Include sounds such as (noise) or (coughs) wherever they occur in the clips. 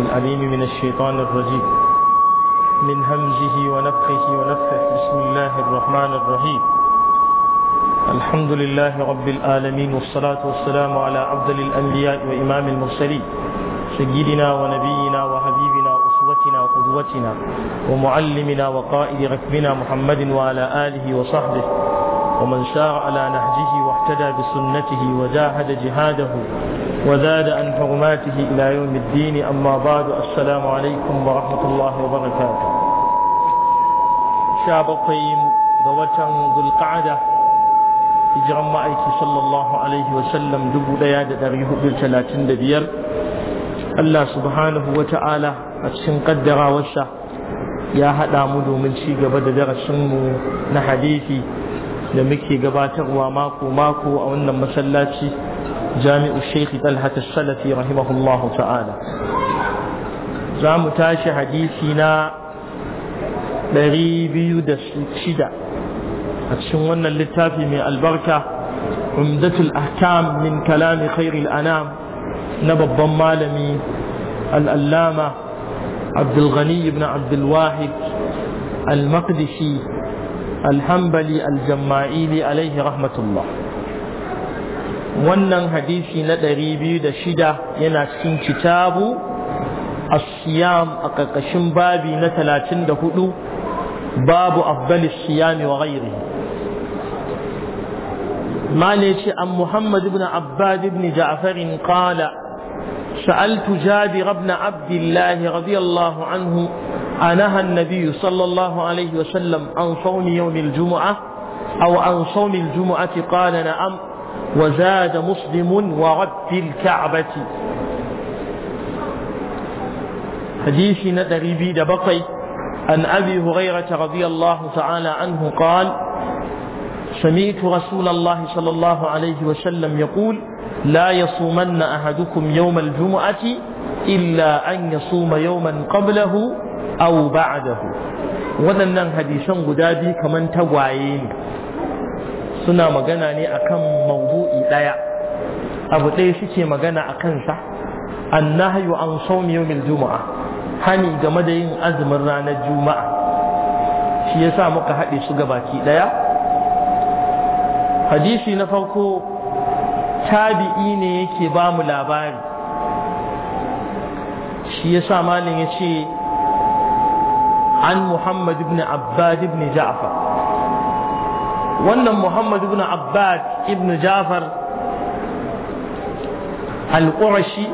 العليم من الشيطان الرجيم من همزه ونفخه ونفخه بسم الله الرحمن الرحيم الحمد لله رب العالمين والصلاة والسلام على عبد الأنبياء وإمام المرسلين سيدنا ونبينا وحبيبنا وأسوتنا وقدوتنا ومعلمنا وقائد ركبنا محمد وعلى آله وصحبه ومن سار على نهجه واهتدى بسنته وجاهد جهاده وزاد عن حرماته إلى يوم الدين أما بعد السلام عليكم ورحمة الله وبركاته شاب قيم ذوتا ذو القعدة hijiran ma'aiki sallallahu alaihi wasallam dubu ɗaya da ɗari hudu talatin da biyar Allah subhanahu wa ta'ala a cikin ƙaddarawarsa ya haɗa mu domin ci gaba da darasinmu na hadisi da muke gabatarwa mako-mako a wannan masallaci جامع الشيخ طلحة السلفي رحمه الله تعالى جامع تاشي حديثنا بريبي دشدة أتشون اللتافي من البركة عمدة الأحكام من كلام خير الأنام نبب مالمي الألامة عبد الغني بن عبد الواحد المقدسي الحنبلي الجمائيلي عليه رحمة الله wannan hadisi na ɗari biyu da shida yana cikin kitabu asiyam a ƙarƙashin babi na talatin da hudu babu afdalis siyami wa ghairi male ce an muhammad ibn abbad ibn ja'farin qala سألت جابر بن عبد الله رضي الله عنه أنهى النبي صلى الله عليه وسلم عن صوم يوم الجمعة أو عن صوم الجمعة قال نعم وزاد مسلم ورب الكعبة حديث ندري بيد دبقي عن أبي هريرة رضي الله تعالى عنه قال سمعت رسول الله صلى الله عليه وسلم يقول لا يصومن أحدكم يوم الجمعة إلا أن يصوم يوما قبله أو بعده ولن حديثا غدادي كمن توعيني suna magana ne akan mawdu'i ɗaya. abu ɗaya suke magana a kansa annahyu an sawmi yawmil juma'a hani game da yin azumin ranar juma'a shi yasa muka haɗe su gabaki ɗaya hadisi na farko tabi'i ne yake ba mu labari shi yasa malin ya ce an Muhammadu ibn abbad ibn ja'far wannan muhammad ibn abbad ibn jafar al-qurashi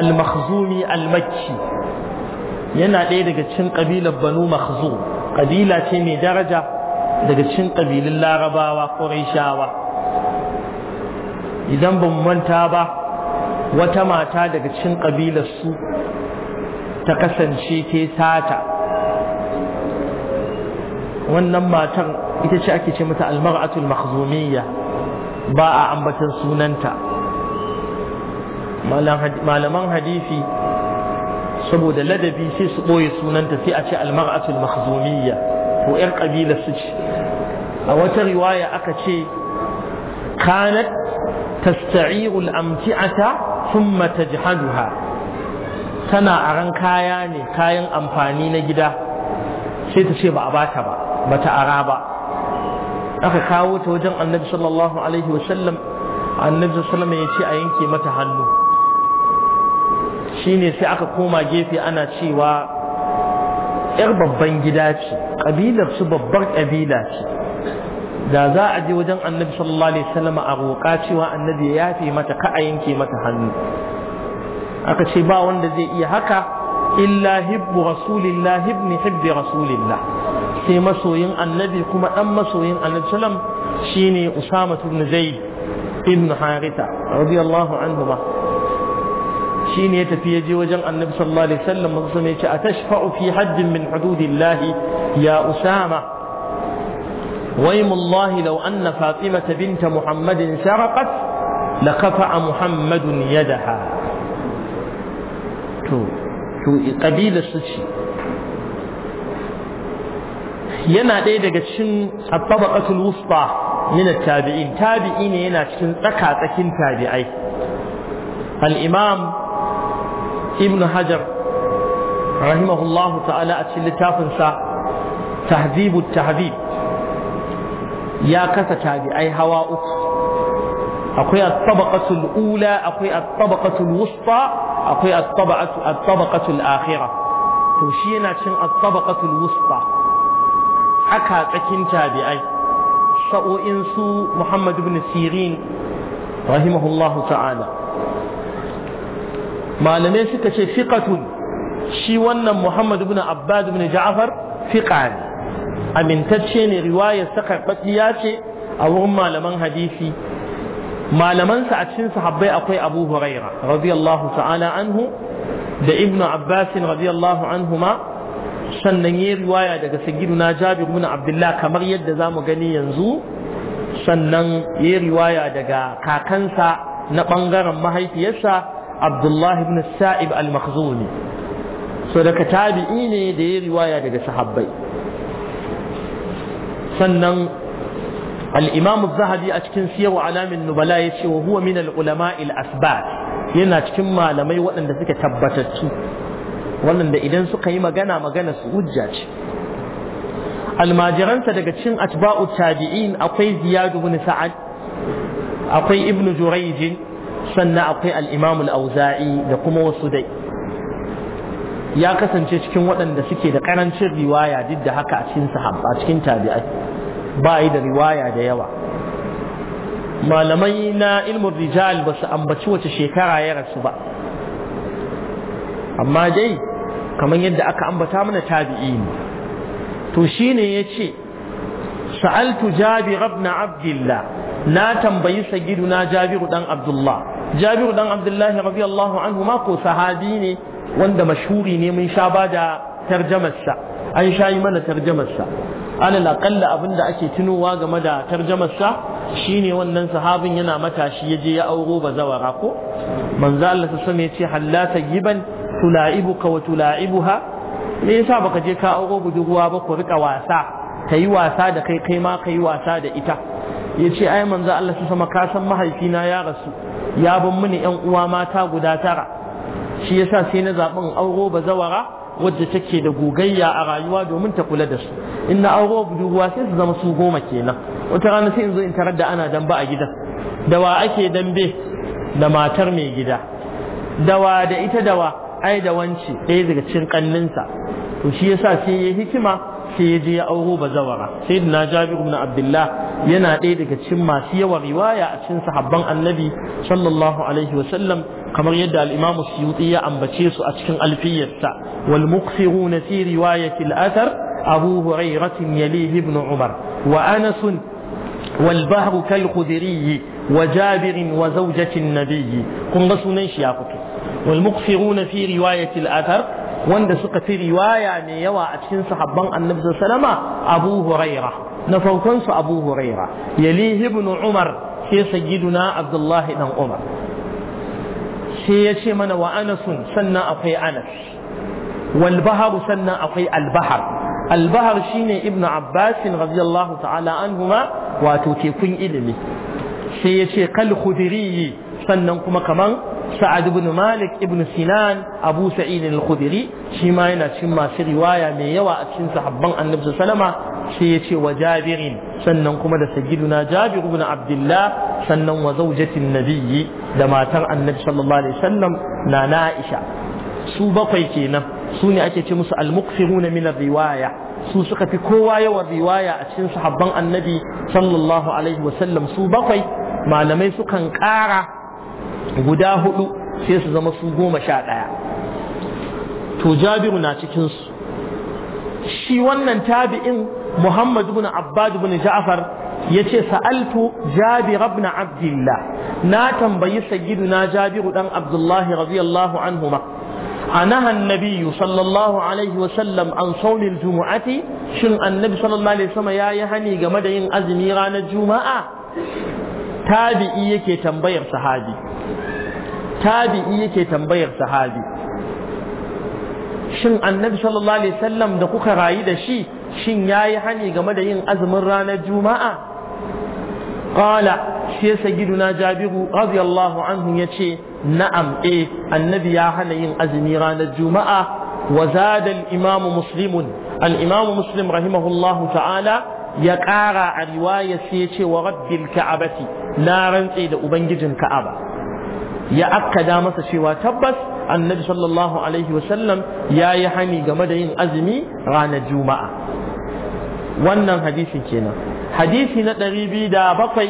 al-makhzumi al-makki yana ɗaya daga cikin ƙabilar banu makhzum ƙabila ce mai daraja daga cikin ƙabilun larabawa ƙurayshawa idan ban manta ba wata mata daga cikin ƙabilar su ta kasance ke sata wannan matar ita ce ake ce mata almar'atul makhzumiyya ba a ambatan sunanta malaman hadisi saboda ladabi sai su ɓoye sunanta sai a ce almar'atul makhzumiyya to 'yan ƙabila su ce a wata riwaya aka ce kanat tasta'irul amti'ata thumma tajhaduha tana aran kaya ne kayan amfani na gida sai ta ce ba a bata ba bata ara ba aka kawo ta wajen annabi sallallahu alaihi wasallam annabi sallallahu ya ce a yanke mata hannu shine sai aka koma gefe ana cewa yar babban gida ce ƙabilar su babbar ƙabila ce da za a je wajen annabi sallallahu alaihi wasallam a roƙa cewa annabi ya yafe mata ka a yanke mata hannu aka ce ba wanda zai iya haka illa hibbu rasulillah ibn hibbi rasulillah sai masoyin annabi kuma dan masoyin annabi sallam shine usama ibn zaid ibn haritha radiyallahu anhu ba shine ya tafi ya je wajen annabi sallallahu alaihi wasallam mutum ya ce atashfa'u fi haddin min hududillah ya usama ويم الله لو أن فاطمة بنت محمد سرقت لقطع محمد يدها to to kabila su ce yana ɗaya daga cikin at-tabaqatul wusta min tabiin tabi'i ne yana cikin tsaka tsakin tabi'ai al-imam ibn hajar rahimahullahu ta'ala a cikin littafinsa. sa tahdhibu ya kasa tabi'ai hawa uku akwai at ula akwai at-tabaqatul wusta akwai at-tabaqatul to shi yana cin at-tabaqatul wusta tsaka tsakin tabi'ai sa'o'in su Muhammad ibn Sirin rahimahullahu ta'ala malamai suka ce fiqatun shi wannan Muhammad ibn Abbad ibn Ja'far fiqa ne amintacce ne riwayar sa karɓaɗɗiya ce a wurin malaman hadisi malamansa a cikin sahabbai akwai Abu Huraira radiyallahu ta'ala anhu da Ibn Abbas radiyallahu anhuma sannan ya riwaya daga na jabir ibn abdullah kamar yadda zamu gani yanzu sannan ya riwaya daga kakansa na bangaren mahaifiyarsa abdullah ibn sa'ib al-makhzumi so daga tabi'i ne da ya riwaya daga sahabbai sannan al-imam az-zahabi a cikin siyar alamin nubala yace wa huwa min al-ulama al-asbat yana cikin malamai waɗanda suke tabbatattu wannan da idan suka yi magana magana su hujja ce almajiransa daga cin atba'u tabi'in akwai ziyadu ibn sa'ad akwai ibn jurayj sannan akwai al-imam al-auza'i da kuma wasu dai ya kasance cikin waɗanda suke da ƙarancin riwaya duk da haka a cikin sahabba cikin tabi'ai ba yi da riwaya da yawa malamai na ilmin rijal ba su ambaci wace shekara ya rasu ba amma dai kamar yadda aka ambata mana tabi'i ne to shine yace sa'altu jabir ibn abdullah na tambayi na jabiru dan abdullah jabiru dan abdullahi radiyallahu anhu ma ko sahabi ne wanda mashhuri ne mun sha bada tarjamarsa an shayi mana tarjamarsa alal aqalla abin da ake tunowa game da tarjamarsa shine wannan sahabin yana matashi yaje ya auro bazawara ko manzo Allah sallallahu alaihi wasallam ya ce hallata giban tula'ibuka wa tula'ibuha me yasa baka je ka auro budurwa ba ku rika wasa ka wasa da kai kai ma ka yi wasa da ita yace ce ai manzo Allah su sama san mahaifina ya rasu ya ban mini yan uwa mata guda tara shi yasa sai na zaɓin auro bazawara wadda take da gogayya a rayuwa domin ta kula da su in na auro budurwa sai su zama su goma kenan wata rana sai in zo in tarar da ana damba a gidan da wa ake dambe da matar mai gida dawa da ita dawa ai da wance ɗaya daga cikin kanninsa to shi yasa sai yayi hikima sai ya je ya auro bazawara sai na jabir ibn abdullah yana ɗaya daga cikin masu yawa riwaya a cikin sahabban annabi sallallahu alaihi wa sallam kamar yadda al-imam suyuti ya ambace su a cikin alfiyarsa wal muqsiruna fi riwayati al-athar abu hurairah yalihi ibn umar wa anas والبحر كالخدري وجابر وزوجة النبي كن sunan shi ya fito والمقصرون في رواية الأثر وند سقة رواية نيوى أتشين صحبان النبي صلى الله عليه وسلم أبو هريرة نفوكنس أبو هريرة يليه ابن عمر في سيدنا عبد الله بن عمر سيشي من وأنس سنة أخي أنس والبهر سنة أخي البحر البهر شيني ابن عباس رضي الله تعالى عنهما واتوتي كن إلمي سيشي كالخدري sannan kuma kaman sa'ad ibn malik ibn sinan abu sa'id al-khudri shi ma yana cikin masu riwaya mai yawa a cikin sahabban annabi sallama sai ya ce wa jabirin sannan kuma da sayyiduna jabir ibn abdullah sannan wa zawjatin nabiyyi da matar annabi sallallahu alaihi wasallam na na'isha su bakwai kenan su ne ake ce musu al-muqsiruna min riwaya su suka fi kowa yawan riwaya a cikin sahabban annabi sallallahu alaihi wasallam su bakwai malamai sukan ƙara guda hudu sai su zama su goma sha ɗaya to jabiru na cikinsu shi wannan tabi'in muhammad ibn abbad ibn ja'far ya ce sa'altu jabir ibn abdillah na tambayi sayyidu na jabiru dan abdullahi radiyallahu anhu ma anaha annabiyyu sallallahu alaihi wa sallam an sawli aljumu'ati shin annabi sallallahu alaihi wasallam yayi hani game da yin azumi ranar juma'a tabi'i yake tambayar sahabi tabi'i yake tambayar sahabi shin annabi sallallahu alaihi wasallam da kuka rayu da shi shin yayi hani game da yin azumin ranar juma'a qala shi na jabiru radiyallahu anhu yace na'am eh annabi ya hana yin azumi ranar juma'a wa zada al-imamu muslimun al-imamu muslim rahimahullahu ta'ala ya ƙara a riwaya sai ya ce wa rabbil ka'abati na rantse da ubangijin ka'aba ya akkada masa cewa tabbas annabi sallallahu alaihi wasallam ya yi hami game da yin azumi ranar juma'a wannan hadisin kenan hadisi na ɗari biyu da bakwai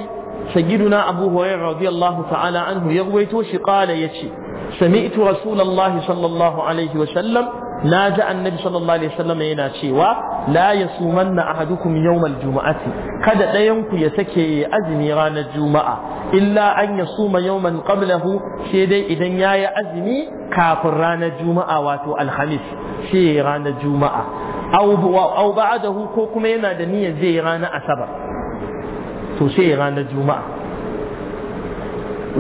sayyiduna na hoyar radiyallahu ta'ala anhu ya ruwaito shi ƙala ya ce sami'tu rasulallahi sallallahu alaihi wasallam na ji annabi sallallahu alaihi wasallam yana cewa la yasumanna ahadukum yawmal juma'ati kada ɗayan ku ya sake azumi ranar juma'a illa an ya suma yawman qablahu sai dai idan yayi azumi kafin ranar juma'a wato alhamis sai ranar juma'a aw ba'dahu ko kuma yana da niyyar zai ranar asabar to sai ranar juma'a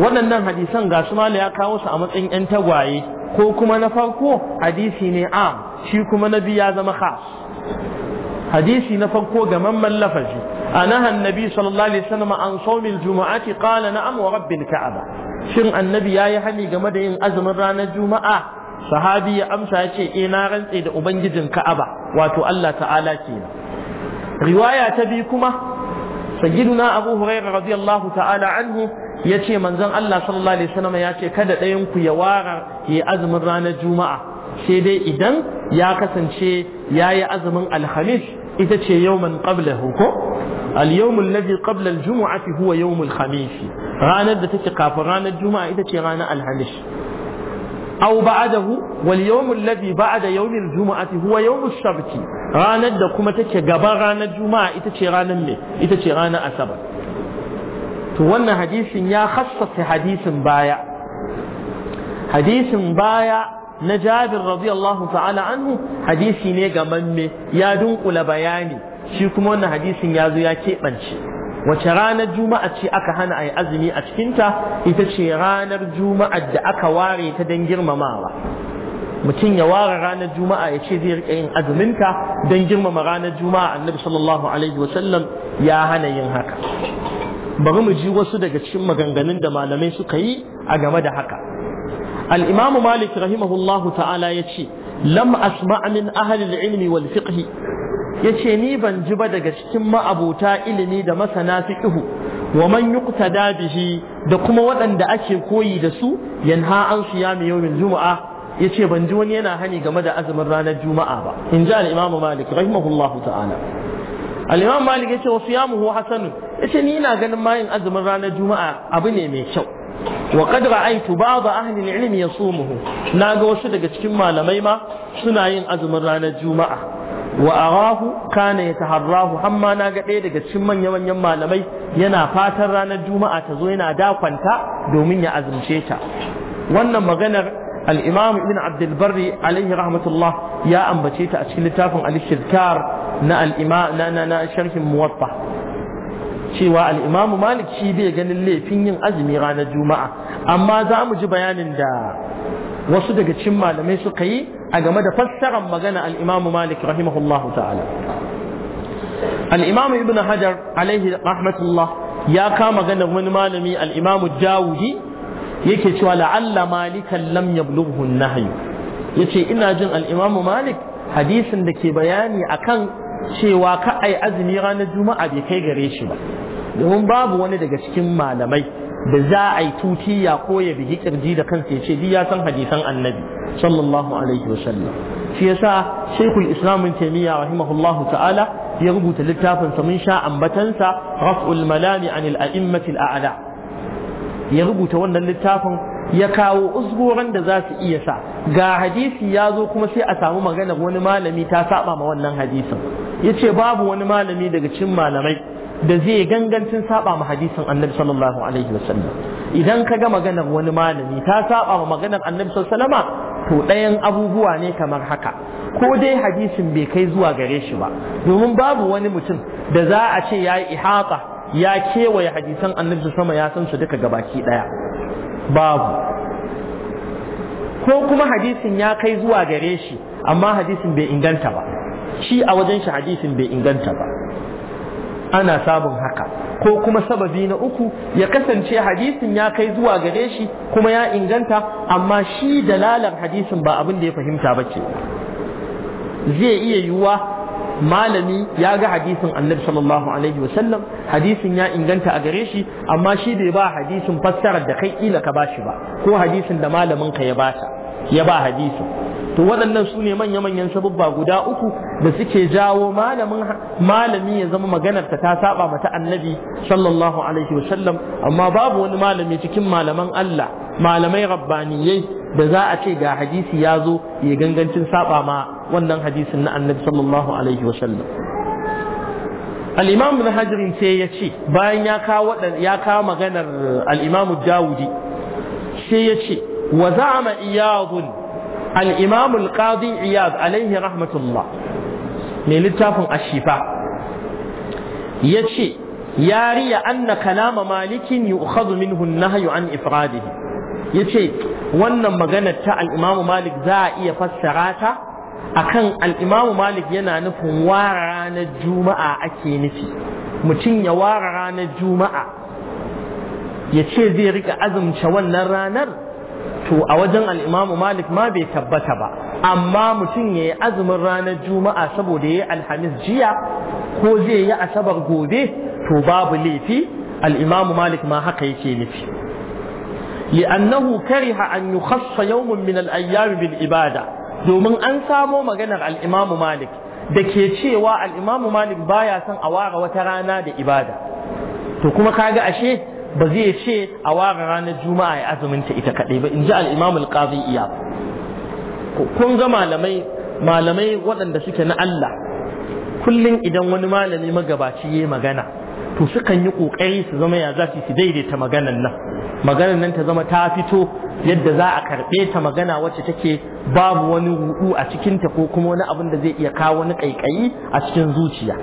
waɗannan hadisan ga su ya kawo su a matsayin 'yan tagwaye ko kuma na farko hadisi ne a shi kuma na biyu ya zama khas hadisi na farko ga mamman lafazi أنهى النبي صلى الله عليه وسلم عن صوم الجمعة قال نعم ورب الكعبة شن النبي يا يحني جمد إن أزم رانا الجمعة صحابي يا أمسى يا إنا رنسي دا أبنجد الكعبة واتو الله تعالى كينا رواية تبيكما سيدنا أبو هريرة رضي الله تعالى عنه yace manzon Allah sallallahu alaihi wasallam ya ce kada ɗayan ku ya wara ya azumin ranar juma'a sai dai idan ya kasance ya yi azumin alhamis ita yawman qablahu ko al-yawm alladhi qabla al-jum'ati huwa yawm al-khamis ranar da take kafin ranar juma'a ita ce ranar alhamis aw ba'dahu wal yawm alladhi ba'da yawm al-jum'ati huwa yawm al sabt ranar da kuma take gaba ranar juma'a ita ce ranar me ita ce ranar asabar to wannan hadisin ya khassasa hadisin baya hadisin baya na jabir radiyallahu ta'ala anhu hadisi ne ga mamme ya dunkula bayani shi kuma wannan hadisin ya zo ya keɓance wace ranar juma'a ce aka hana a yi azumi a cikinta ita ce ranar juma'a da aka ware ta dan girmamawa mutum ya ware ranar juma'a ya ce zai riƙa yin azuminta dan girmama ranar juma'a annabi sallallahu alaihi wa sallam ya hana yin haka bari mu ji wasu daga cikin maganganun da malamai suka yi a game da haka Al'imamu malik rahimahullahu ta'ala ya ce lam asma min ahli ilmi wal fiqh yace ni ban ji ba daga cikin ma'abota, ilimi da masana fiqhu wa da kuma waɗanda ake koyi da su yanha an siyami yawin juma'a yace ban ji wani yana hani game da azumin ranar juma'a ba in ji al malik rahimahullahu ta'ala Al'imamu Malik ya yace wa siyamuhu ya yace ni ina ganin mayin azumin ranar juma'a abu ne mai kyau wa qad ra'aytu ba'd ahli al-ilm na ga wasu daga cikin malamai ma suna yin azumin ranar juma'a wa arahu kana yataharrahu na ga ɗaya daga cikin manya manyan malamai yana fatan ranar juma'a ta zo yana dakwanta domin ya azumce ta wannan maganar al-imam ibn abd al rahmatullah ya ambace ta a cikin littafin Ali shirkar na al-imam sharhin muwatta cewa al'imamu malik shi bai ganin laifin yin azumi ranar juma'a amma za mu ji bayanin da wasu daga cikin malamai suka yi a game da fassarar magana al’imamu Malik rahimahullahu ta'ala alimamu Ibn Hajar alaihi rahmatullah ya kama ganin wani malami al’imamu imam yake cewa la'alla malikan lam yablughu an Ya yace ina jin alimamu Malik hadisin da ke bayani akan cewa ka ai azumi ranar juma'a bai kai gare shi ba domin babu wani daga cikin malamai da za a yi tutiya ko ya bigi kirji da kansa ya ce duk ya san hadisan annabi sallallahu alaihi wa sallam shi yasa shaykhul islam ibn taymiya ta'ala ya rubuta littafin sa mun sha ambatansa raf'ul malami anil a'immati a'la ya rubuta wannan littafin ya kawo usguran da za su iya sa ga hadisi ya zo kuma sai a samu maganar wani malami ta saba ma wannan hadisin ce babu wani malami daga cikin malamai da zai gangancin saba ma hadisin annabi sallallahu alaihi wasallam idan ka ga maganar wani malami ta saba ma maganar annabi sallallahu alaihi to ɗayan abubuwa ne kamar haka ko dai hadisin bai kai zuwa gare shi ba domin babu wani mutum da za a ce ya yi ihata ya kewaye hadisan annabi sama ya san su duka gabaki ɗaya babu ko kuma hadisin ya kai zuwa gare shi amma hadisin bai inganta ba shi a wajen shi hadisin bai inganta ba ana samun haka ko kuma sababi na uku ya kasance hadisin ya kai zuwa gare shi kuma ya inganta amma shi dalalar hadisin ba abin da ya fahimta ba ce zai iya yiwuwa malami ya ga hadisin annabi sallallahu alaihi wasallam hadisin ya inganta a gare shi amma shi bai ba hadisin fassarar da kai ila ka ba shi ba ko hadisin da malamin ka ya ba ya ba hadisin to waɗannan su ne manya-manyan sabubba guda uku da suke jawo malamin malami ya zama maganarta ta saba mata annabi sallallahu alaihi wasallam amma babu wani malami cikin malaman Allah malamai rabbaniyai da za a ce ga hadisi ya zo ya gangancin saba ma wannan hadisin na annabi sallallahu alaihi wasallam al-imam ibn hajar sai ya ce bayan ya kawo maganar al Jawudi, dawudi sai ya ce wa za'ama iyadun al-imam al alaihi rahmatullah mai littafin ashifa yace ya riya anna kalama malikin yu'khadhu minhu an-nahyu an ifradihi yace wannan maganar ta alimamu malik za a iya fassara ta akan al malik yana nufin ware ranar juma'a ake nufi mutum ya ware ranar juma'a ya ce zai rika azumce wannan ranar to a wajen al'imamu malik ma bai tabbata ba amma mutum ya yi azumin ranar juma'a saboda ya yi alhamis jiya ko zai yi asabar gobe to babu laifi al'imamu malik ma haka yake nufi li'annahu kariha an yi yawmun min al-ayyam ibada domin an samo maganar al'imamu malik da ke cewa al'imamu malik baya son a ware wata rana da ibada to kuma kaga ashe ba zai ce a ware ranar juma'a ya azumin ta ita kadai ba in ji al-imam al-qadi iya kun ga malamai malamai waɗanda suke na Allah kullum idan wani malami magabaci yayi magana to sukan yi kokari su zama ya zafi su daidaita maganar nan maganar nan ta zama ta fito yadda za a karɓe ta magana wacce take babu wani ruɗu a cikinta ko kuma wani abin da zai iya kawo wani ƙaiƙayi a cikin zuciya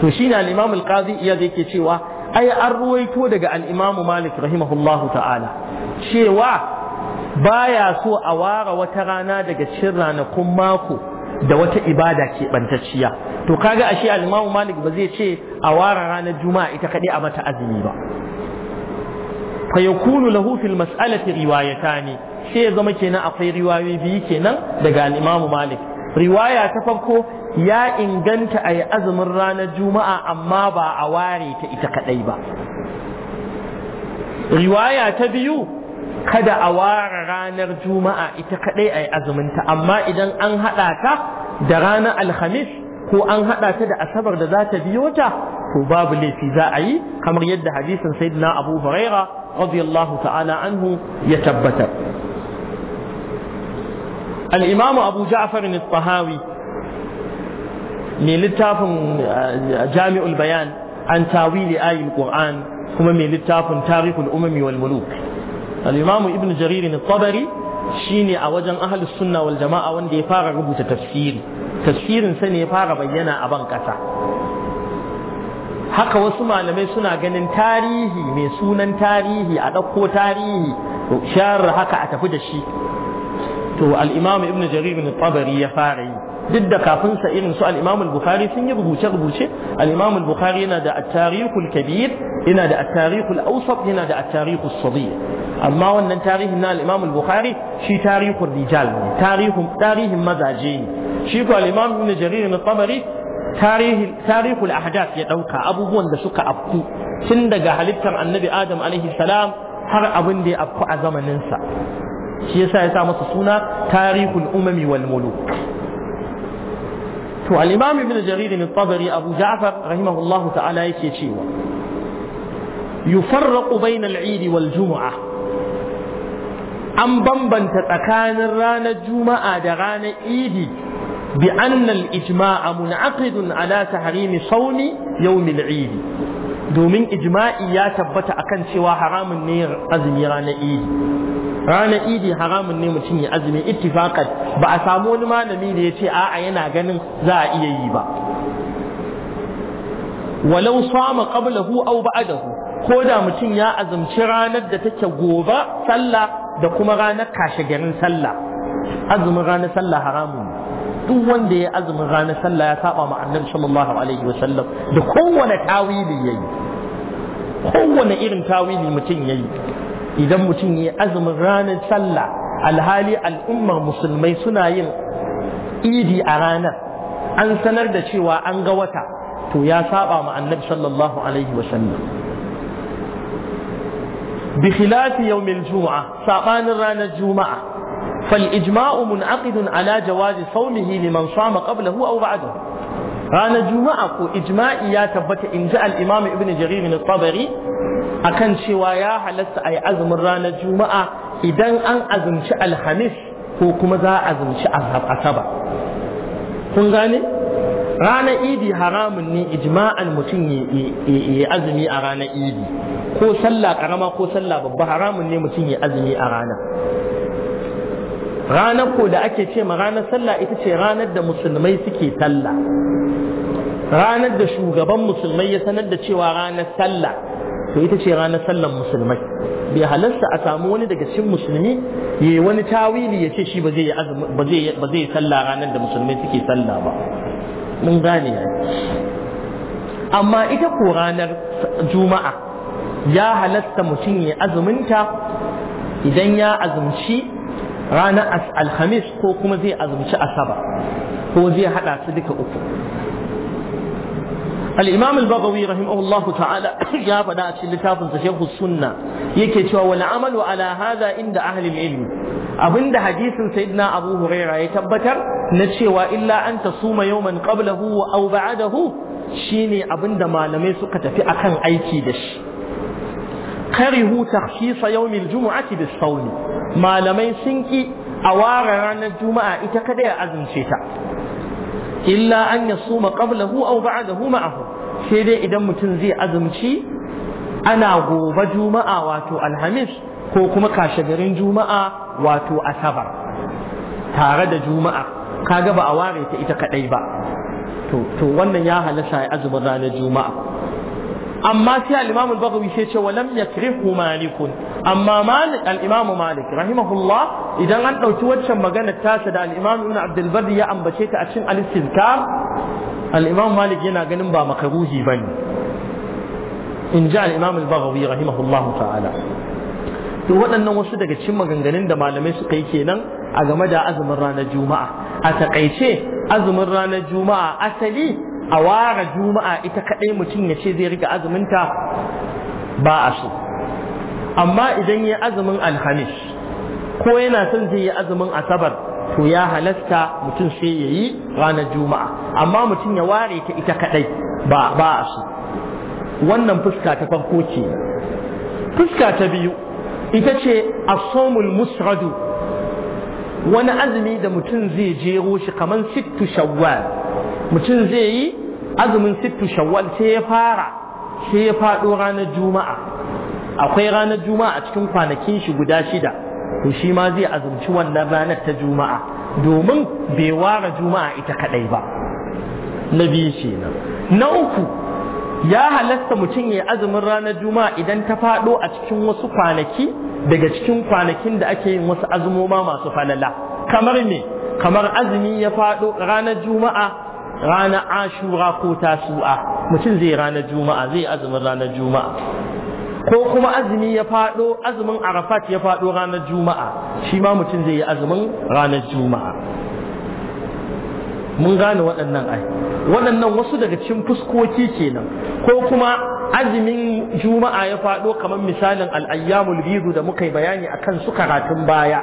to shi na al alƙazi iya zai ke cewa ai an ruwaito daga al'imamu malik rahimahullahu ta'ala cewa baya so a ware wata rana daga cikin ranakun mako da wata ibada keɓantacciya to kaga ashe al'imamu malik ba zai ce a ware ranar juma'a ita kaɗai a mata azumi ba fa yakunu lahu fil mas'alati riwayatani sai ya zama kenan akwai riwayoyi biyu kenan daga al'imamu malik riwaya ta farko ya inganta a yi azumin ranar juma'a amma ba a ware ta ita kadai ba riwaya ta biyu kada a ware ranar juma'a ita kadai a yi azuminta amma idan an haɗa ta da ranar alhamis ko an haɗa ta da asabar da za ta biyo ta to babu laifi za a yi kamar yadda hadisin sayyidina abu huraira radiyallahu ta'ala anhu ya tabbatar al-imam abu ja'far al mai littafin eh, jami'ul bayan an tawili ayin qur'an kuma mai littafin tarihul umami wal muluk al-imam ibn jarir al-tabari shine a wajen ahlus sunna wal jama'a wanda ya fara rubuta tafsiri tafsirin sa ne ya fara bayyana a ban ƙasa. haka wasu malamai suna ganin tarihi mai sunan tarihi a ɗauko tarihi shahar haka a tafi da shi to al ibn Jaririn ibn tabari ya fara yi duk da kafin sa irin su al-imam bukhari sun yi rubuce rubuce al-imam bukhari yana da at-tarikhul kabir yana da at-tarikhul awsat yana da at-tarikhus sadir amma wannan tarihin na al-imam bukhari shi tarihul rijal ne tarihin mazaje ne shi ko al-imam ibn jarir ibn tabari tarihul ahdath ya dauka abubuwan da suka afku tun daga halittar annabi adam alaihi salam har abin da ya afku a zamaninsa shi yasa ya sa masa suna tarihul umami wal muluk to al-imam ibn jarir ibn tabari abu ja'far rahimahullah ta'ala yake cewa yufarraqu bayna al-eid wal jumu'ah an bambanta tsakanin ranar juma'a da ranar eid bi anna al-ijma'a mun'aqidun ala tahrimi sawmi yawm al-eid domin ijma'i ya tabbata akan cewa haramun ne azumi ranar idi ranar idi haramun ne mutum ya azumi ittifaqat ba a samu wani malami da ya ce a'a yana ganin za a iya yi ba walau sama qablahu aw ba'dahu ko da mutum ya azumci ranar da take gobe sallah da kuma ranar kashe garin sallah azumin ranar sallah haramun duk wanda ya azumin ranar sallah ya saba ma annabi sallallahu alaihi sallam da kowane tawili yayi kowane irin tawili mutum yayi idan mutum ya azumin ranar sallah alhali al'ummar musulmai suna yin idi a ranar an sanar da cewa an ga wata to ya saba ma annabi sallallahu alaihi sallam. bi khilafi yawmil juma'a sabanin ranar juma'a فالإجماع منعقد على جواز صومه لمن صام قبله أو بعده ranar juma'a ko ijma'i ya tabbata in ji al'imam ibn jarir na tsabari a kan cewa ya halatta a yi azumin ranar juma'a idan an azumci alhamis ko kuma za a azumci asaba kun gane ranar idi haramun ne ijma'an mutum ya azumi a ranar idi ko sallah karama ko sallah babba haramun ne mutum ya azumi a rana ranar ko da ake ce ma ranar sallah ita ce ranar da musulmai suke sallah ranar da shugaban musulmai ya sanar da cewa ranar sallah to ita ce ranar sallan musulmai bai halarsa a samu wani daga cikin musulmi ya yi wani tawili ya ce shi ba zai ba sallah ranar da musulmai suke sallah ba mun gane amma ita ko ranar juma'a ya halasta mutum ya azuminta idan ya azumci ranar alhamis ko kuma zai azumci asaba ko zai hada su duka uku الإمام البغوي رحمه الله تعالى يا فدا لتاف شيخ السنة يكي شوى والعمل على هذا عند أهل العلم أبند حديث سيدنا أبو هريرة يتبتر نشوى إلا أن تصوم يوما قبله أو بعده شيني أبند ما لم يسقط في أكن أي كيدش karihu takhsisa yawmil jumu'ati bis sawm malamai sun ki a ware ranar juma'a ita kada ya azumce ta illa an yasuma qablahu aw ba'dahu ma'ahu sai dai idan mutum zai azumci ana gobe juma'a wato alhamis ko kuma kashe garin juma'a wato asabar tare da juma'a kaga ba a ware ta ita kadai ba to wannan ya halasa ya azumin ranar juma'a amma sai al-imam al-baghawi sai ce walam yakrihu malikun amma malik al-imam malik rahimahullah idan an dauki waccan magana tasa da al-imam ibn abdul ya ambace ta a cikin al-istizkar al malik yana ganin ba makaruhi bane in Inji al-imam al-baghawi rahimahullah ta'ala to waɗannan wasu daga cikin maganganun da malamai suka yi kenan a game da azumin ranar juma'a a takaice azumin ranar juma'a asali a ware juma'a ita kaɗai mutum ya ce zai riga azuminta ba a so amma idan ya azumin alhamis ko yana son zai yi azumin asabar to ya halasta mutum sai ya yi ranar juma'a amma mutum ya ware ta ita kaɗai ba a so wannan fuska ta farko ce fuska ta biyu ita ce asomul musradu wani azumi da mutum zai jero shi kamar sittu shawwal mutum zai yi azumin sittu shawwal sai ya fara sai ya faɗo ranar juma'a akwai ranar juma'a a cikin kwanakin shi guda shida to shi ma zai azumci wannan ranar ta juma'a domin bai ware juma'a ita kaɗai ba na biyu kenan na uku ya halasta mutum ya azumin ranar juma'a idan ta faɗo a cikin wasu kwanaki daga cikin kwanakin da ake yin wasu azumoma masu falala kamar me kamar azumi ya faɗo ranar juma'a ranar ashura ko tasu'a mutum zai ranar juma'a zai azumin ranar juma'a ko kuma azumi ya faɗo azumin arafat ya faɗo ranar juma'a shi ma mutum zai yi azumin ranar juma'a mun gane waɗannan ai waɗannan wasu daga cikin fuskoki kenan ko kuma azumin juma'a ya faɗo kamar misalin al'ayyamul bidu da muka yi bayani akan su karatun baya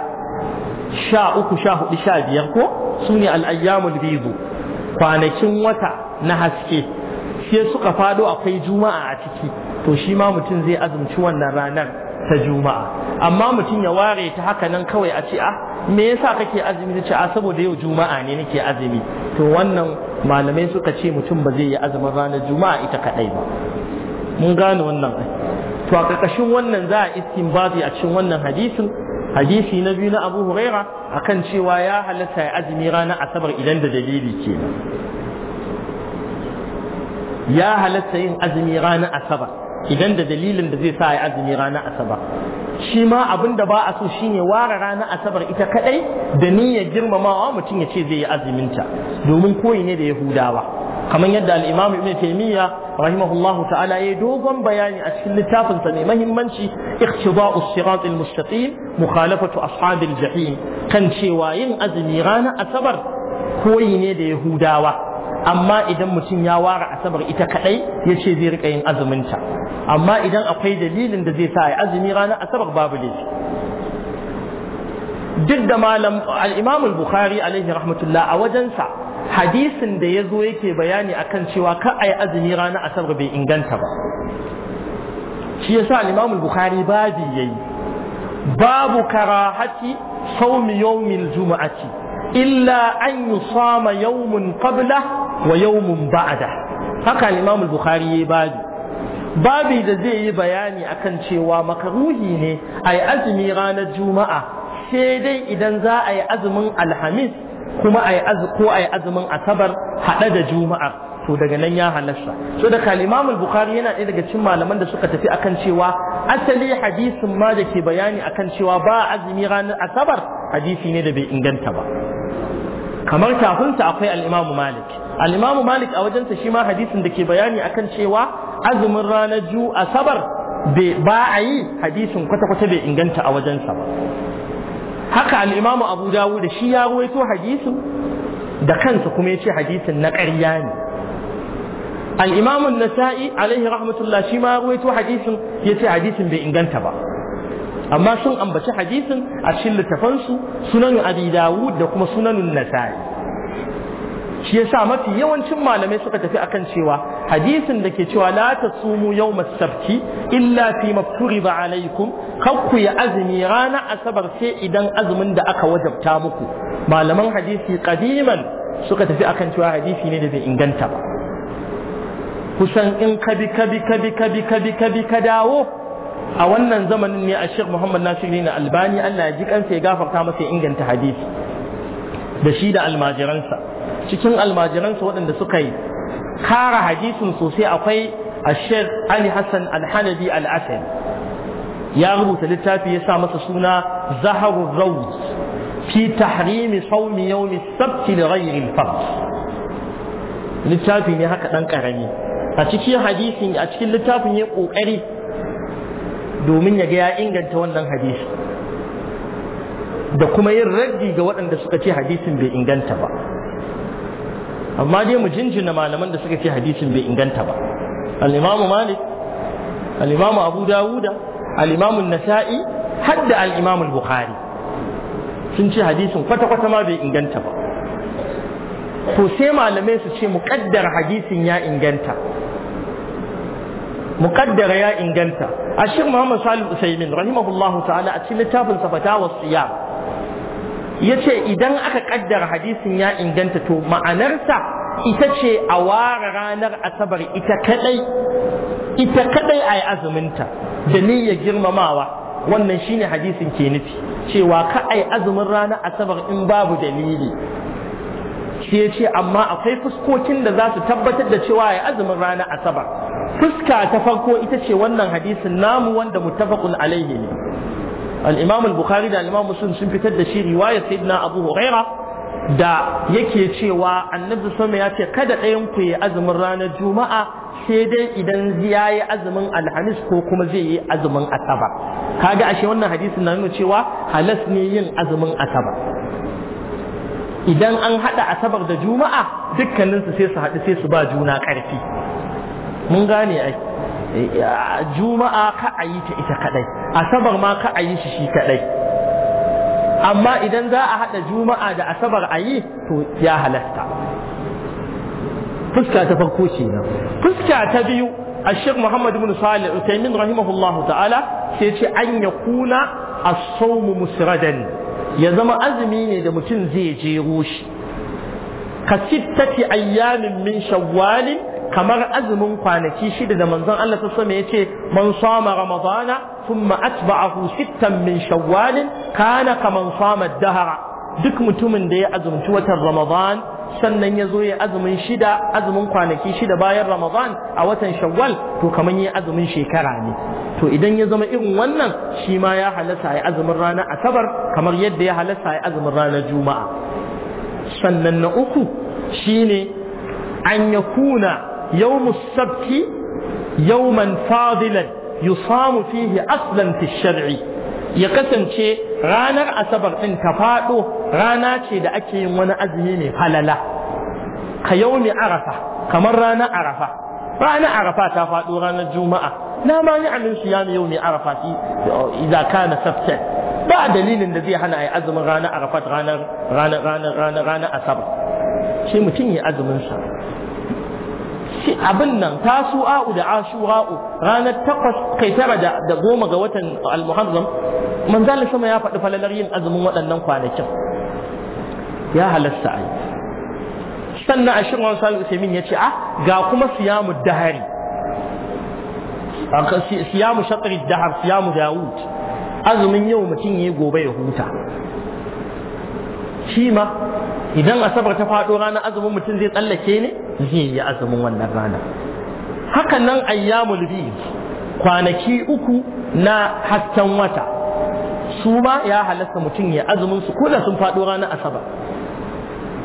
sha uku sha hudu sha biyar ko su ne al'ayyamul bidu kwanakin wata na haske sai suka faɗo akwai juma'a a ciki to shi ma mutum zai azumci wannan ranar ta juma'a amma mutum ya ware ta haka nan kawai a ce ah me yasa kake azumi ta ce a ah, saboda yau juma'a ne nake azumi to wannan malamai suka ce mutum ba zai yi azumin ranar juma'a ita kadai ba mun gane wannan to a ƙarƙashin wannan za a istinbati a cikin wannan hadisin hadisi na biyu na Abu Huraira akan cewa ya halatta ya azumi ranar Asabar idan da dalili ke ya halatta yin azumi ranar Asabar idan da dalilin da zai sa ya azumi ranar asabar shi ma abin da ba a so shine ware ranar asabar ita kadai da niyyar girmamawa mutum ya ce zai yi azuminta domin koyi ne da yahudawa kamar yadda alimam imam ibn taymiya rahimahullahu ta'ala yayi dogon bayani a cikin littafin sa mai muhimmanci iqtida'u sirat al-mustaqim mukhalafatu ashabil jahim kan cewa yin azumi ranar asabar koyi ne da yahudawa amma idan mutum ya wara asabar ita kadai ya ce zai rika yin azuminta amma idan akwai dalilin da zai sa ya azumi ranar asabar babu laifi duk da malam al bukhari alaihi rahmatullah a wajensa hadisin da ya zo yake bayani akan cewa ka ayi azumi ranar asabar bai inganta ba shi yasa sa imam al-bukhari babi yayi babu karahati sawmi yawmil jumu'ati illa an yusama yawmun fabla. wa yawmun ba'da haka al-Imam al-Bukhari yayi babu babi da zai yi bayani akan cewa makaruhi ne ai azumi ranar juma'a sai dai idan za a yi azumin alhamis kuma ai ko azumin asabar hada da juma'a to daga nan ya halasta so da al-Imam al-Bukhari yana ɗaya daga cikin malaman da suka tafi akan cewa asali hadisin ma da ke bayani akan cewa ba azumi ranar asabar hadisi ne da bai inganta ba kamar kafinta akwai al-Imam Malik al-imamu malik a wajensa shi ma hadisin da ke bayani akan cewa azumin ranar ju asabar ba a yi hadisin kwata-kwata bai inganta a wajensa ba haka al-imamu abu dawo da shi ya ruwaito hadisin da kansa kuma ya ce hadisin na ƙarya ne al-imamu nasa'i alaihi rahmatullah shi ma ruwaito hadisin ya ce hadisin bai inganta ba amma sun ambaci hadisin a cikin littafansu sunan abi dawud da kuma sunanin nasa'i shi yasa mafi yawancin malamai suka tafi akan cewa hadisin da ke cewa la tasumu yau masabti illa fi ba alaikum kakku ya azumi ranar asabar sai idan azumin da aka wajabta muku malaman hadisi qadiman suka tafi akan cewa hadisi ne da bai inganta ba kusan in kabi kabi kabi kabi kabi kabi ka dawo a wannan zamanin ne a Sheikh Muhammad Nasiru na Albani Allah ya ji kansa ya gafarta masa ya inganta hadisi da shi da almajiransa cikin almajiransa waɗanda suka yi kara hadisin sosai akwai ashir ali hassan alhanabi al'asari ya rubuta littafi ya sa masa suna zaharun rauz fi tahrimi saumi yaumi sabti da ghairi fard littafi ne haka ɗan ƙarami a cikin hadisin a cikin littafin ya ƙoƙari domin ya ga ya inganta wannan hadisi da kuma yin raddi ga waɗanda suka ce hadisin bai inganta ba amma dai mu jinjina malaman da suka ce hadisin bai inganta ba al-imam malik al-imam abu dawuda al-imam an-nasa'i hadda al-imam al-bukhari sun ce hadisin kwata kwata ma bai inganta ba to sai malamai su ce muqaddar hadisin ya inganta muqaddara ya inganta ashir muhammad salih usaimin rahimahullahu ta'ala a cikin littafin sa fatawa siyam yace idan aka kaddara hadisin ya inganta to ma'anarsa ita ce a ware ranar asabar ita kadai ita kadai ai azuminta da ya girmamawa wannan shine hadisin ke nufi cewa ka ai azumin ranar asabar in babu dalili shi ya ce amma akwai fuskokin da za su tabbatar da cewa ya azumin ranar asabar fuska ta farko ita ce wannan hadisin namu wanda muttafaqun alaihi ne al bukhari da al-imam sun fitar da shi riwaya sayyidina abu da yake cewa annabi sama ya ce kada ɗayan ku yi azumin ranar juma'a sai dai idan ya yi azumin alhamis ko kuma zai yi azumin asabar kaga ashe wannan hadisin na nuna cewa halas ne yin azumin Asaba. idan an haɗa asabar da juma'a dukkaninsu sai su haɗu sai su ba juna ƙarfi mun gane ai juma'a ka a yi ta ita kadai asabar ma ka a yi shi shi kadai amma idan za a haɗa juma'a da asabar a yi to ya halasta fuska ta farko ce nan fuska ta biyu ashir muhammad ibn salih utaimin rahimahullahu ta'ala sai ce an ya kuna as-sawmu musradan ya zama azumi ne da mutum zai jero shi ka sittati ayyamin min shawwalin kamar azumin kwanaki shida da manzon Allah ta sama ce man sama ramadana thumma atba'ahu sittan min shawwal kana kaman sama dahara duk mutumin da ya azumci watan ramadan sannan ya zo ya azumin shida azumin kwanaki shida bayan ramadan a watan shawwal to kaman ya azumin shekara ne to idan ya zama irin wannan shi ma ya halasta ya azumin ranar asabar kamar yadda ya halasta ya azumin rana juma'a sannan na uku shine an yakuna يوم السبت يوما فاضلا يصام فيه أصلا في الشرع ya kasance ranar asabar ɗin ta faɗo rana ce da ake yin wani azumi mai falala ka yau ne arafa kamar ranar arafa rana arafa ta faɗo ranar juma'a na ma ni amin su ya yau ne arafa fi idan kana saftan ba dalilin da zai hana a yi azumin ranar arafa ranar asabar sai mutum ya azuminsa. abin nan tasu'a'u da ashura'u ranar takwas kai tara da goma ga watan al-muharram manzalin sama ya faɗi falalar yin azumin waɗannan kwanakin ya halasta a sannan a shirin wani sa'ul usaimin ya ce a ah, ga kuma siyamu dahari siyamu shatri dahar siyamu dawud azumin yau mutum ya gobe ya huta shi ma idan asabar ta faɗo ranar azumin mutum zai tsallake ne zai yi azumin wannan rana Haka nan ayyamul bid kwanaki uku na hasken wata su ma ya halasta mutum ya azumin su kula sun faɗo ranar asabar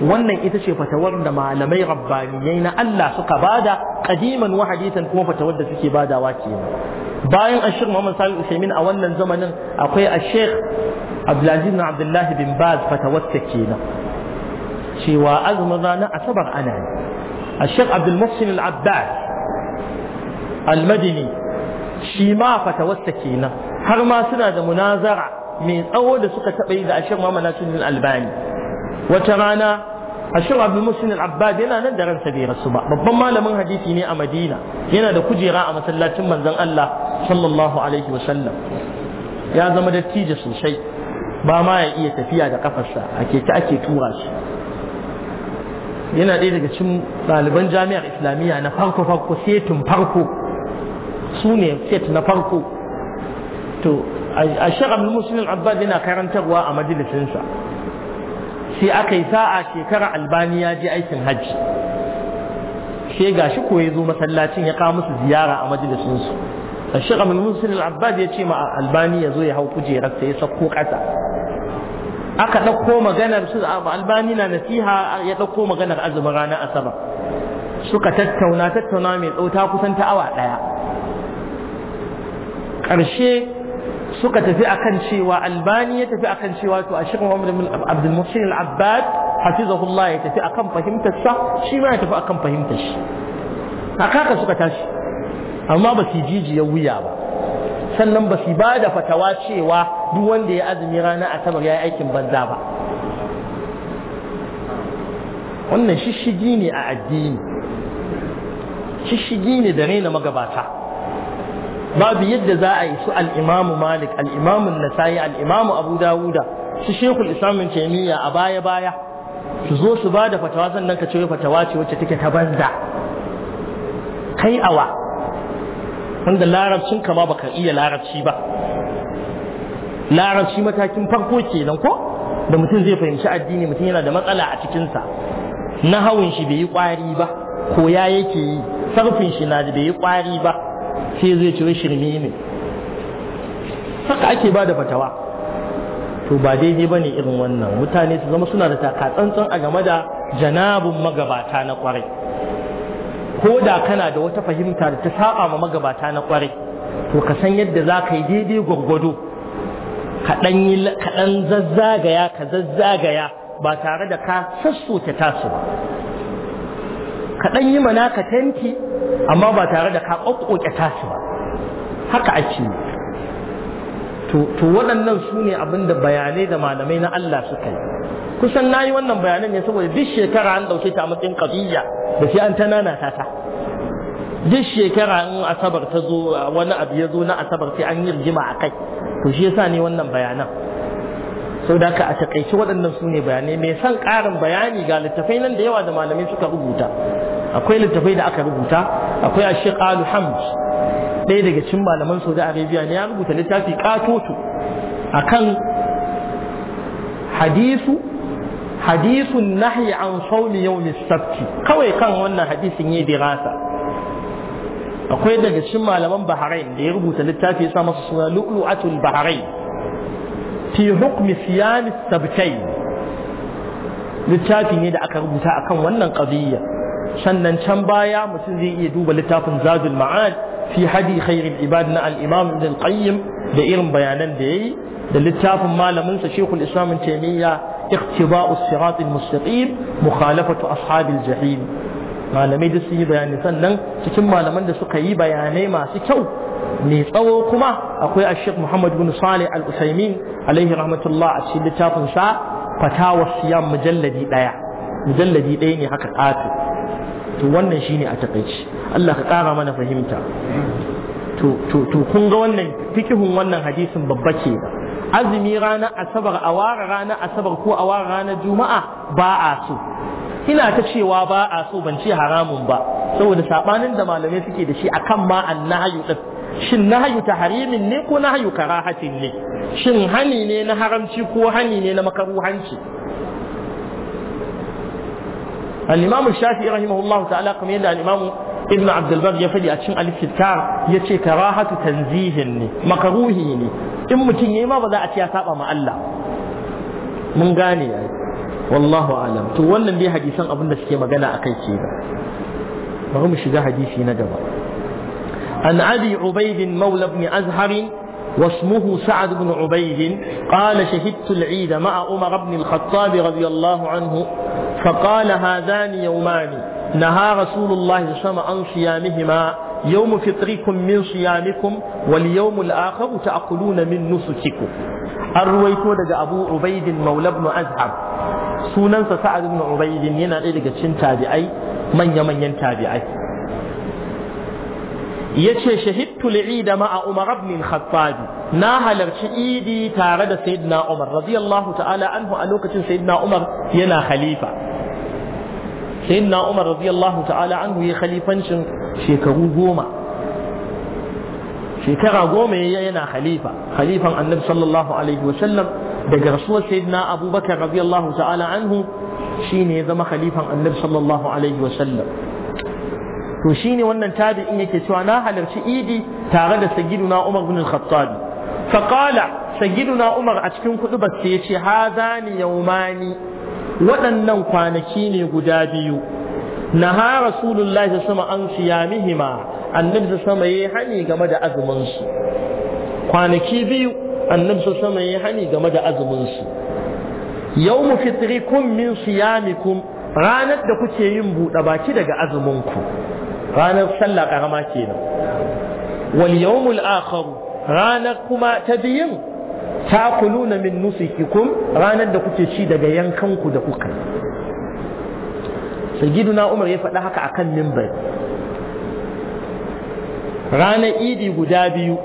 wannan ita ce fatawar da malamai rabbaniyai na Allah suka bada kadiman wa hadisan kuma fatawar da suke badawa kenan bayan ashir Muhammad Salih Usaimin a wannan zamanin akwai a Abdulaziz bin Abdullah bin Baz fatawar ta kenan cewa azumin ranar asabar ana ne a shek abdul muhsin al-abbas al-madini shi ma fatawarsa kenan har ma suna da munazara mai tsawo da suka taɓa yi da ashir muhammad nasiruddin albani wata rana ashir abdul muhsin al-abbas yana nan da ransa bai rasu ba babban malamin hadisi ne a madina yana da kujera a masallacin manzon allah sallallahu alaihi wasallam ya zama dattijo sosai ba ma ya iya tafiya da kafarsa a keke ake tura shi yana ɗaya daga cikin ɗaliban jami'ar islamiyya na farko farko setin farko su ne set na farko to a shi'ar musulun abbas yana karantarwa a majalisinsa sai aka yi sa'a shekara ya je aikin hajji sai ga shi ko ya zo masallacin ya kawo musu ziyara a majalisinsu a shi'ar musulun abbas ya ce ma albani ya zo ya hau kujerarsa ya sauko ƙasa aka ɗauko maganar su albani na nasiha ya ɗauko maganar azumin ranar asabar suka tattauna tattauna mai tsauta kusan ta awa ɗaya ƙarshe suka tafi akan cewa albani ya tafi akan cewa to a shirin abdul muhsin al-abbad hafizahullah ya tafi akan fahimtar sa shi ma ya tafi akan fahimtar shi kaka suka tashi amma ba su jijiya wuya ba sannan ba su ba da fatawa cewa duk wanda ya azumi rana asabar ya yi aikin banza ba wannan shishigi ne a addini shishigi ne da raina magabata babu yadda za a yi su al'imamu malik al'imamun nasayi al'imamu abu dawuda su shekul isamin taimiyya a baya-baya su zo su ba da fatawa sannan ka cire fatawa ce wacce take ta banza kai awa wanda larabcin kama baka iya larabci ba larabci matakin farko ke nan ko da mutum zai fahimci addini mutum yana da matsala a cikinsa na hawan shi bai yi kwari ba ko ya yake yi sarfin shi na da bai yi kwari ba sai zai ci shirme ne haka ake ba da fatawa to ba daidai ba ne irin wannan mutane su zama suna da takatsantsan a game da janabun magabata na kwarai ko da kana da wata fahimta da ta saba ma magabata na kwarai to ka san yadda za ka yi daidai gwaggwado kaɗan zazzagaya ka zazzagaya ba tare da ka sassota tasu ba kaɗan yi mana ka tenti amma ba tare da ka ƙwaƙƙoƙe tasu ba haka ake yi to waɗannan su ne abin da bayanai da malamai na Allah suka yi kusan na yi wannan bayanan ne saboda duk shekara an ɗauke ta a matsayin ƙabiyya da shi an ta ta duk shekara in asabar ta zo wani abu ya zo na asabar sai an yi rigima a kai to shi yasa ne wannan bayanan sau da ka a takaici waɗannan su ne bayanai mai son ƙarin bayani ga littafai nan da yawa da malamai suka rubuta akwai littafai da aka rubuta akwai a shi hamd ɗaya daga cikin malaman saudi Arabiya ne ya rubuta littafi ƙatoto kan hadisu hadisun nahi an saumi yau kawai kan wannan hadisin yi dirasa akwai daga cikin malaman bahrain da ya rubuta littafi ya sa masa suna lu'lu'atul bahrain fi hukmi siyam sabtai littafi ne da aka rubuta akan wannan qadiyya sannan can baya mutum zai iya duba littafin zadul ma'ad fi hadi khairul ibad na al-imam ibn al-qayyim da irin bayanan da yayi da littafin malamin sa shekul islam taimiyya iqtiba'us al mustaqim mukhalafatu ashabil jahim malamai duk sun yi bayani sannan cikin malaman da suka yi bayanai masu kyau mai tsawo kuma akwai ashik muhammad bin Saleh al-usaimin alaihi rahmatullah a cikin littafin sa fatawa siyam mujalladi daya mujalladi daya ne haka kato to wannan shine a takaici Allah ka kara mana fahimta to to to kun ga wannan fikihun wannan hadisin babba ke azumi ranar asabar a ware ranar asabar ko a ware ranar juma'a ba a so ina ta cewa ba a so ban ce haramun ba saboda sabanin da malamai suke da shi akan ma annahyu din shin nahyu tahrimin ne ko nahyu karahatin ne shin hani ne na haramci ko hani ne na makaruhanci al-imam shafi'i rahimahullahu ta'ala kamar yadda al-imam ibn abdulbar ya faɗi a cikin al-fitar ya ce karahatu tanzihin ne makaruhi ne in mutum yayi ma ba za a ce ya saba ma Allah mun gane yayi والله أعلم to wannan dai hadisan abin كما suke magana كذا ke ba bari mu shiga hadisi na gaba an abi ubayd mawla ibn azhar واسمه سعد بن عبيد قال شهدت العيد مع عمر بن الخطاب رضي الله عنه فقال هذان يومان نهى رسول الله صلى الله عليه وسلم عن صيامهما يوم فطركم من صيامكم واليوم الآخر تأكلون من نسككم الرويتو لدى أبو عبيد مولى بن أزهر sunansa sa'ad ibn ubayd yana ɗaya daga cikin tabi'ai manya manyan tabi'ai yace shahidtu al-eid ma'a umar ibn al-khattab na halarci idi tare da sayyidina umar radiyallahu ta'ala anhu a lokacin sayyidina umar yana khalifa sayyidina umar radiyallahu ta'ala anhu ya khalifancin shekaru goma shekara goma yana khalifa khalifan annabi sallallahu alaihi wa sallam daga rasuwar sayyidina abubakar radiyallahu ta'ala anhu shine ya zama khalifan annabi sallallahu alaihi wasallam to shine wannan tabi'in yake cewa na halarci idi tare da sayyiduna umar bin al-khattab faqala na umar a cikin kudu bace yace hadani yawmani waɗannan kwanaki ne guda biyu naha rasulullahi sama an siyamihima annabi sama yayi hani game da azumin su kwanaki biyu annabi sallallahu ya hani game da azumin su yawmu kun min siyamikum ranar da kuke yin buɗe baki daga azuminku ku ranar sallah karama kenan wal yawmul akhar ranar kuma ta biyin takuluna min nusikikum ranar da kuke ci daga yankan ku da kuka sayyiduna umar ya faɗa haka akan minbar ranar idi guda biyu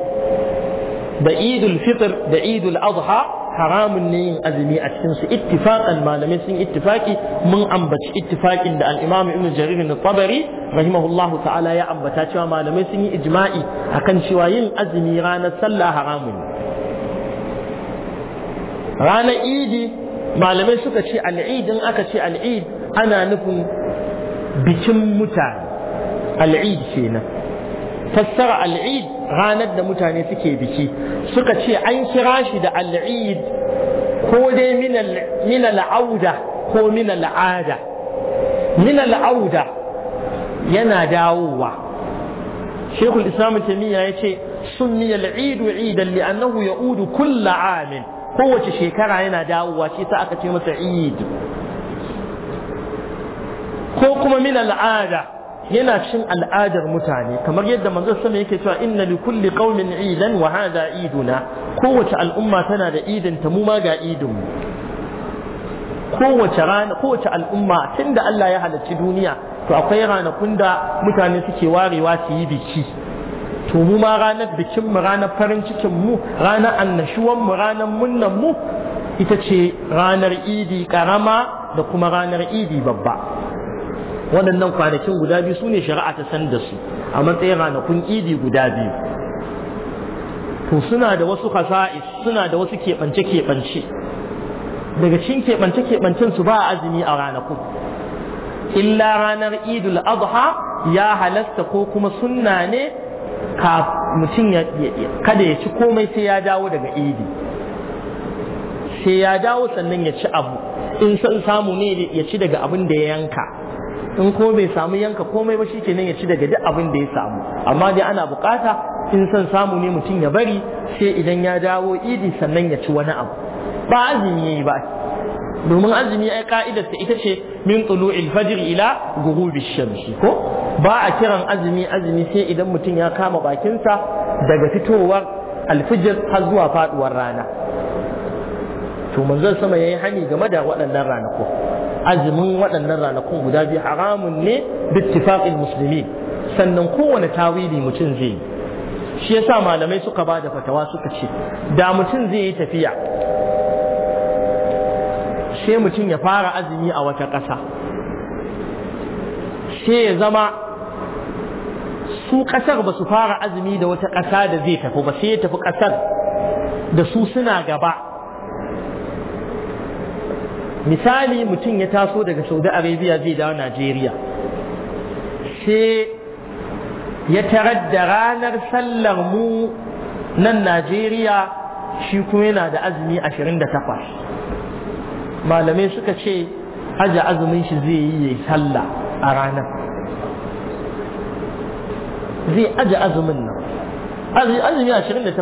da idul fitr da idul adha haramun ne yin azumi a cikin su ittifaqan malamai sun ittifaki mun ambaci ittifakin da al-imam ibn jarir al-tabari rahimahullahu ta'ala ya ambata cewa malamai sun yi ijma'i akan cewa yin azumi ranar sallah haramun ranar idi malamai suka ce al'idin aka ce al'id ana nufin bikin mutane al'id kenan fassara al'id ranar da mutane suke biki suka ce an kira shi da al'id ko dai mina la'auda ko mina la'ada. Mina la'auda yana dawowa shekul islam taimiyya ya ce sunni al'idu idan li'annahu ya'udu kulla amin kowace shekara yana dawowa shi sa aka ce masa id ko kuma mina la'ada. yana cin al'adar mutane kamar yadda manzo sama yake cewa inna li kulli qaumin idan wa hadha iduna kowace al'umma tana da idin ta mu ma ga idin mu kowace rana kowace al'umma tunda Allah ya halarci duniya to akwai ranakun da mutane suke warewa su yi biki to mu ma ranar bikin mu ranar farin cikin mu ranar annashuwan mu ranar munnan mu ita ce ranar idi karama da kuma ranar idi babba waɗannan kwanakin guda biyu su shari'a ta san da su a matsayin ranakun idi guda biyu to suna da wasu hasa'is suna da wasu keɓance-keɓance daga cikin keɓance-keɓancen su ba azumi a ranakun illa ranar idul adha ya halasta ko kuma sunna ne ka mutum ya kada ya ci komai sai ya dawo daga idi sai ya dawo sannan ya ci abu in san samu ne ya ci daga abin da ya yanka in ko bai samu yanka komai ba shi shikenan ya ci daga duk abin da ya samu amma dai ana bukata in san samu ne mutum ya bari sai idan ya dawo idi sannan ya ci wani abu ba azumi yayi ba domin azumi ai ta ita ce min tulu'il fajr ila ghurubi shamsi ko ba a kiran azumi azumi sai idan mutum ya kama bakinsa daga fitowar alfijir har zuwa faduwar rana to manzon sama yayi hani game da waɗannan ranaku azumin waɗannan ranakun guda biyu haramun ne bittifaqil musulmi sannan kowane tawili mutum zai yi shi yasa malamai suka ba da fatawa suka ce da mutum zai yi tafiya sai mutum ya fara azumi a wata ƙasa sai ya zama su ƙasar ba su fara azumi da wata ƙasa da zai tafi ba sai ya tafi ƙasar da su suna gaba misali mutum ya taso daga saudi arabia zai dawo najeriya sai ya tarar da ranar sallar mu nan najeriya shi kuma yana da azumi 28 malamai suka ce aji azumin shi zai yi ya sallah a ranar zai aji azumin nan azumi 28 ya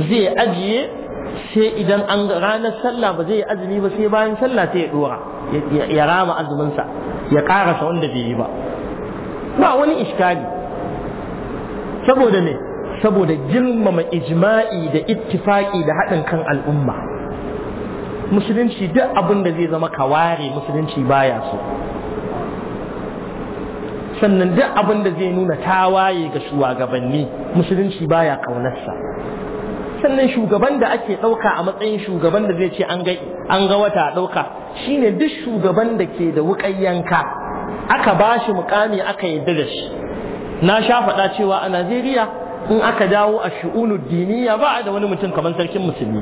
yi zai ajiye sai idan an ranar sallah ba zai yi azumi ba sai bayan sallah sai ya dora ya rama azuminsa ya karasa wanda bai yi ba ba wani iskali saboda ne saboda girmama ijma'i da ittifaki da haɗin kan al'umma musulunci duk abin da zai zama kaware musulunci baya so sannan duk abin da zai nuna tawaye ga shugabanni musulunci baya ƙaunarsa sannan shugaban da ake ɗauka a matsayin shugaban da zai ce an ga an ga wata ɗauka shine duk shugaban da ke da wukan yanka aka ba shi mukami aka yarda da shi na sha faɗa cewa a Najeriya in aka dawo a shu'unud diniya ba da wani mutum kamar sarkin musulmi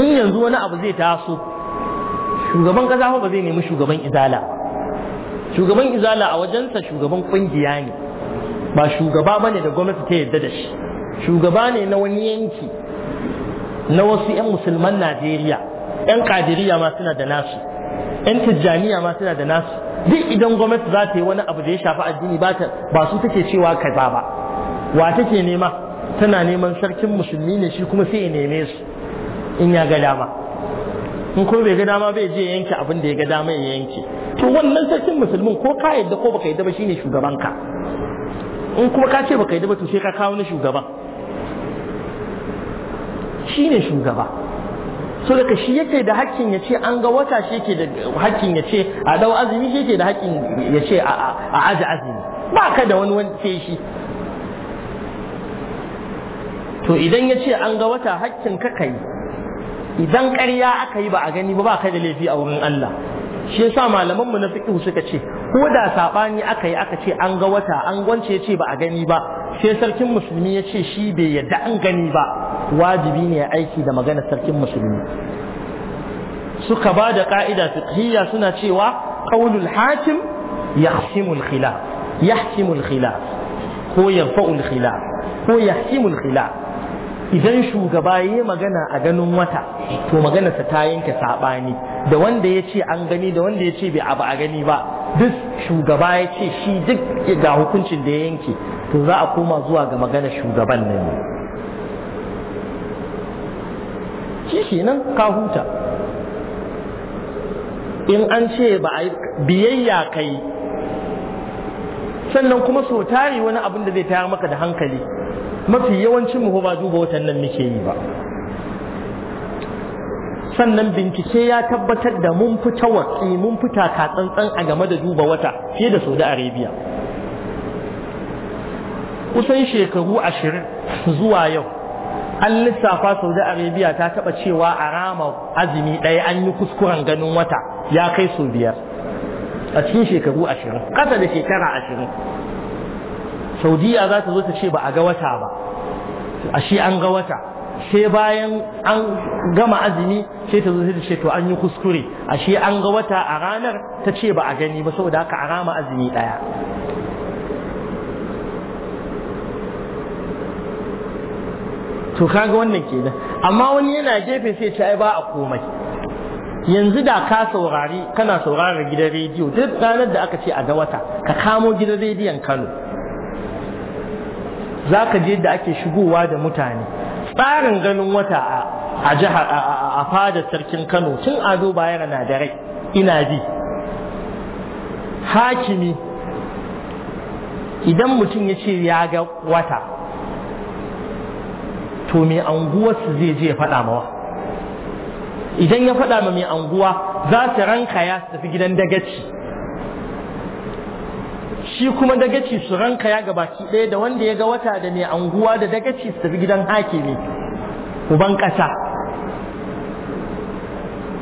in yanzu wani abu zai taso shugaban kaza ba zai nemi shugaban izala shugaban izala a wajensa shugaban kungiya ne ba shugaba bane da gwamnati ta yarda da shi shugaba ne na wani yanki na wasu 'yan musulman najeriya 'yan kadiriya ma suna da nasu 'yan tijjaniya ma suna da nasu duk idan gwamnati za ta yi wani abu da ya shafi addini ba su take cewa kaza ba wa take nema tana neman sarkin musulmi ne shi kuma sai ya neme su in ya ga dama in ko bai ga dama bai je yanke abin da ya ga dama ya yanke to wannan sarkin musulmin ko ka yadda ko baka yadda ba shine shugabanka in kuma ka ce baka yadda ba to sai ka kawo na shugaban Shi ne shugaba so daga shi yake da hakkin ya ce an ga wata shi yake da hakkin ya ce a dau azumi shi yake da hakkin ya ce a aji azumi ba ka da wani wani ce shi to idan ya ce an ga wata hakkin ka kai idan ƙarya aka yi ba a gani ba ba ka da laifi a wurin Allah shi yasa malaman mu na fiqh suka ce ko da sabani aka yi aka ce an ga wata an gwance ce ba a gani ba sai sarkin musulmi ya ce shi bai yadda an gani ba wajibi ne ya aiki da magana sarkin musulmi suka ba da ka'ida fiqhiyya suna cewa qaulul hakim yahsimul khilaf yahsimul khila ko yarfa'ul khila ko yahsimul khila idan shugaba ya magana a ganin wata to maganarsa ta yanke saɓani da wanda ya ce an gani da wanda ya ce bai abu a gani ba duk shugaba ya ce shi duk ga hukuncin da ya yanke to za a koma zuwa ga magana shugaban nan ne shi kenan ka huta in an ce ba a biyayya kai sannan kuma so tari wani abin da zai tayar maka da hankali mafi yawancin mu ba duba watan nan muke yi ba sannan bincike ya tabbatar da mun fita watsi mun fita katsantsan a game da duba wata fiye da saudi arabia kusan shekaru ashirin zuwa yau an lissafa saudi arabia ta taba cewa a rama azumi ɗaya an yi kuskuren ganin wata ya kai sau biyar a cikin shekaru ashirin ƙasa da shekara ashirin saudiya za ta zo ta ce ba a ga wata ba a shi an ga wata sai bayan an gama azumi sai ta zo ta ce to an yi kuskure a shi an ga wata a ranar ta ce ba a gani ba saboda haka a rama azumi ɗaya to kaga wannan kenan amma wani yana gefe sai ta ba a komai yanzu da ka saurari kana saurari gidan rediyo duk ranar da aka ce a ga wata ka kamo gidan rediyon Kano za ka je da ake shigowa da mutane tsarin ganin wata a jihar a fadar sarkin Kano tun ado bayan na da rai ina ji hakimi idan mutum ya ce ya ga wata to mai anguwarsu zai je ya faɗa mawa idan ya faɗa ma mai anguwa za su ranka ya su tafi gidan dagaci shi kuma dagaci su ranka ya gabaki ɗaya da wanda ya ga wata da mai anguwa da dagaci su tafi gidan ne uban ƙasa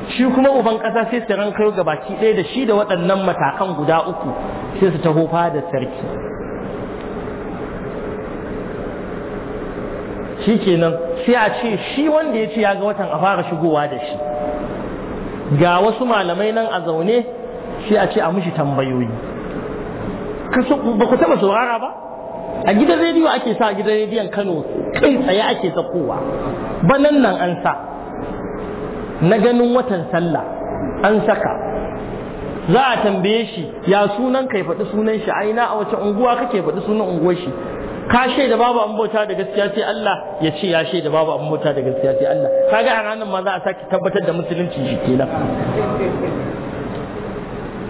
shi kuma uban ƙasa sai su ranka ya gabaki ɗaya da shi da waɗannan matakan guda uku sai su taho fadar sarki shi kenan sai a ce shi wanda ya ce ya ga watan a fara shigowa da shi ga wasu malamai nan a zaune sai a ce a mushi tambayoyi ba ku taɓa saurara ba a gidan rediyo ake sa a gidan rediyon kano kai tsaye ake sakowa ba nan nan an sa na ganin watan sallah an saka za a tambaye shi ya sunan kai faɗi sunan shi aina a wace unguwa kake faɗi sunan unguwar shi ka shaida babu an bauta da gaskiya sai Allah ya ce ya shaida babu an bauta da gaskiya sai Allah kaga a ranar ma za a sake tabbatar da musulunci shi kenan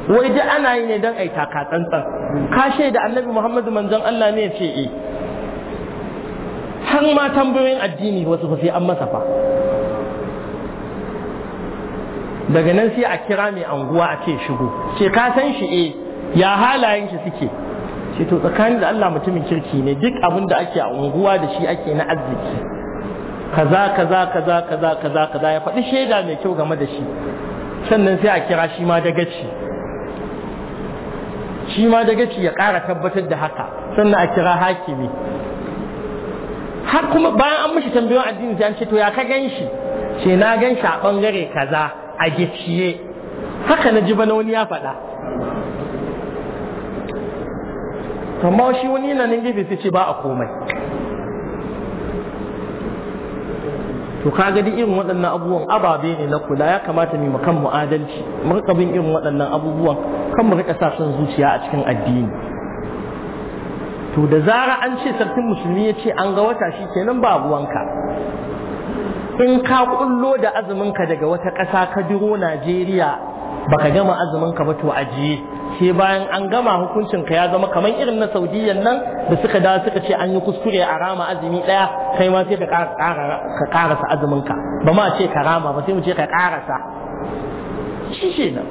wai duk ana yi ne don yi taka tsantsan ka shaida annabi Muhammadu manzon Allah ne ya ce eh har ma tambayoyin addini wasu fa sai an masa fa daga nan sai a kira mai anguwa a ce shigo ce ka san shi eh ya halayen shi suke ce to tsakanin da Allah mutumin kirki ne duk abin da ake a unguwa da shi ake na arziki kaza kaza kaza kaza kaza kaza ya faɗi shaida mai kyau game da shi sannan sai a kira shi ma dagaci shi ma dagaci ya ƙara tabbatar da haka sannan a kira hakimi har kuma bayan an mishi tambayoyin addini sai an ce to ya ka gan shi ce na gan shi a ɓangare kaza a gicciye haka na ji bana wani ya faɗa amma shi wani yana nan gefe sai ce ba a komai to ka gadi irin waɗannan abubuwan ababe ne na kula ya kamata mu kan mu adalci bin irin waɗannan abubuwan kan mu rika sa son zuciya a cikin addini to da zara an ce sarkin musulmi ya ce an ga wata shi kenan ba ruwanka in ka kullo da azumin ka daga wata ƙasa ka biro Najeriya baka gama azumin ka ba to ajiye sai bayan an gama hukuncin ka ya zama kamar irin na saudiyan nan da suka dawo suka ce an yi kuskure a rama azumi daya kai ma sai ka ka karasa azumin ka ba ma ce ka rama ba sai mu ce ka karasa shi nan,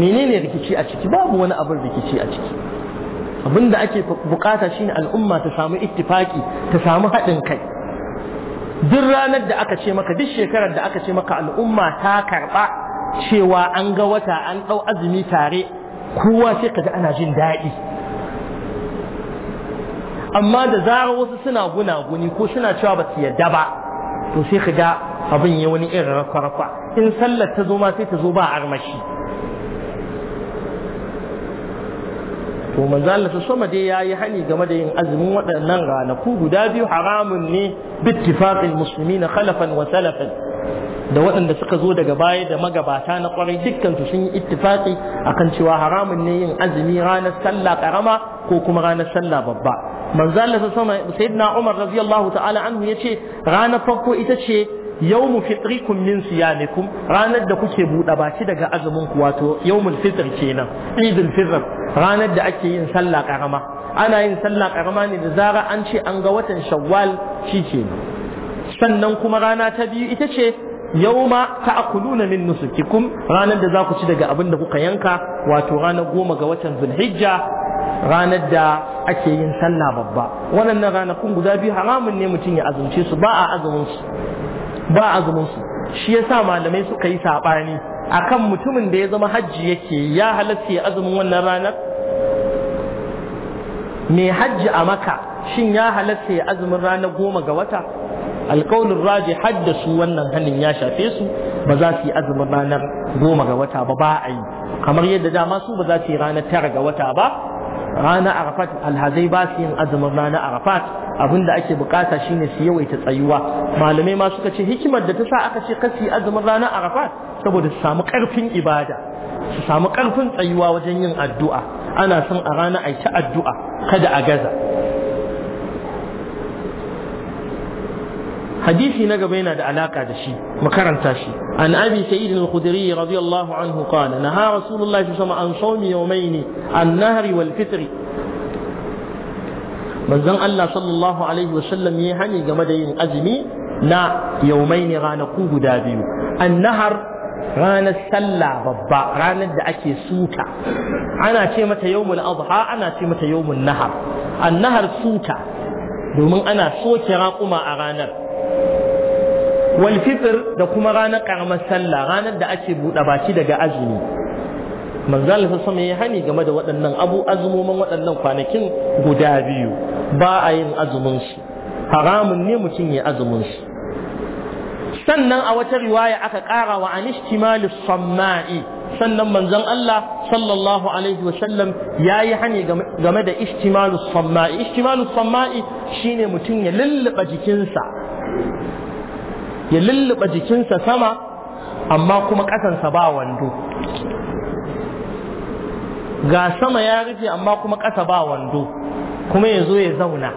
menene rikici a ciki babu wani abin rikici a ciki abin da ake bukata shine al'umma ta samu ittifaki ta samu haɗin kai duk ranar da aka ce maka duk shekarar da aka ce maka al'umma ta karɓa cewa an ga wata an ɗau azumi tare kowa sai kaga ana jin daɗi amma da zarar wasu suna gunaguni ko suna cewa ba su yadda ba to sai ga abin ya wani irin rakwarakwa in sallar ta zo ma sai ta zo ba armashi to manzo Allah ta soma dai yayi hani game da yin azumin waɗannan ranaku guda biyu haramun ne bittifaqil musulmi khalafan wa salafan da waɗanda suka zo daga baya da magabata na kwarai dukkan sun yi A akan cewa haramun ne yin azumi ranar sallah karama ko kuma ranar sallah babba manzo Allah sama sayyidina Umar radiyallahu ta'ala anhu yace ranar farko ita ce yawmu fitrikum min siyamikum ranar da kuke buɗe baki daga azumin ku wato yawmul fitr kenan idul fitr ranar da ake yin sallah karama ana yin sallah karama ne da zara an ce an ga watan shawwal shi kenan sannan kuma rana ta biyu ita ce yawma ta'kuluna min nusukikum ranar da za ku ci daga abin da kuka yanka wato ranar goma ga watan zulhijja ranar da ake yin sallah babba waɗannan ranakun guda biyu haramun ne mutum ya azumce su ba a azumin su ba a azumin su shi yasa malamai suka yi sabani akan mutumin da ya zama hajji yake ya halatta ya azumin wannan ranar mai hajji a maka shin ya halatta azumin ranar goma ga wata alƙaunin raji hadda su wannan hannun ya shafe su ba za su yi azumin ranar goma ga wata ba ba a yi kamar yadda dama su ba za su yi ranar tara ga wata ba ranar arafat alhazai ba su yin azumin ranar arafat abin da ake bukata shine su yawaita tsayuwa malamai ma suka ce hikimar da ta sa aka ce kasi azumin ranar arafat saboda su samu karfin ibada su samu karfin tsayuwa wajen yin addu'a ana son a rana a ta addu'a kada a gaza hadisi na gaba yana da alaka da shi makaranta shi an abi sa'id al-khudri radiyallahu anhu qala naha rasulullahi sallallahu alaihi wasallam an sawmi yawmayn an-nahri wal fitr manzon Allah sallallahu alaihi wasallam ya hani game da yin azumi na yawmayn ranaku guda biyu an-nahar ranar sallah babba ranar da ake suka. ana ce mata yawmul adha ana ce mata yawmun nahar annahar suka. domin ana soke raƙuma a ranar wal fitr da kuma ranar karamar sallah ranar da ake buɗe baki daga azumi manzo Allah sama ya hani game da waɗannan abu azumomin waɗannan kwanakin guda biyu ba a yin azumin shi haramun ne mutum ya azumin su sannan a wata riwaya aka ƙara wa anishtimalis samma'i sannan manzon Allah sallallahu alaihi wa sallam yayi hani game da ishtimalus samma'i ishtimalus samma'i shine mutum ya lullaba jikinsa ya lulluɓa jikinsa sama amma kuma ƙasansa ba wando ga sama ya rufe amma kuma ƙasa ba wando kuma ya zo ya zauna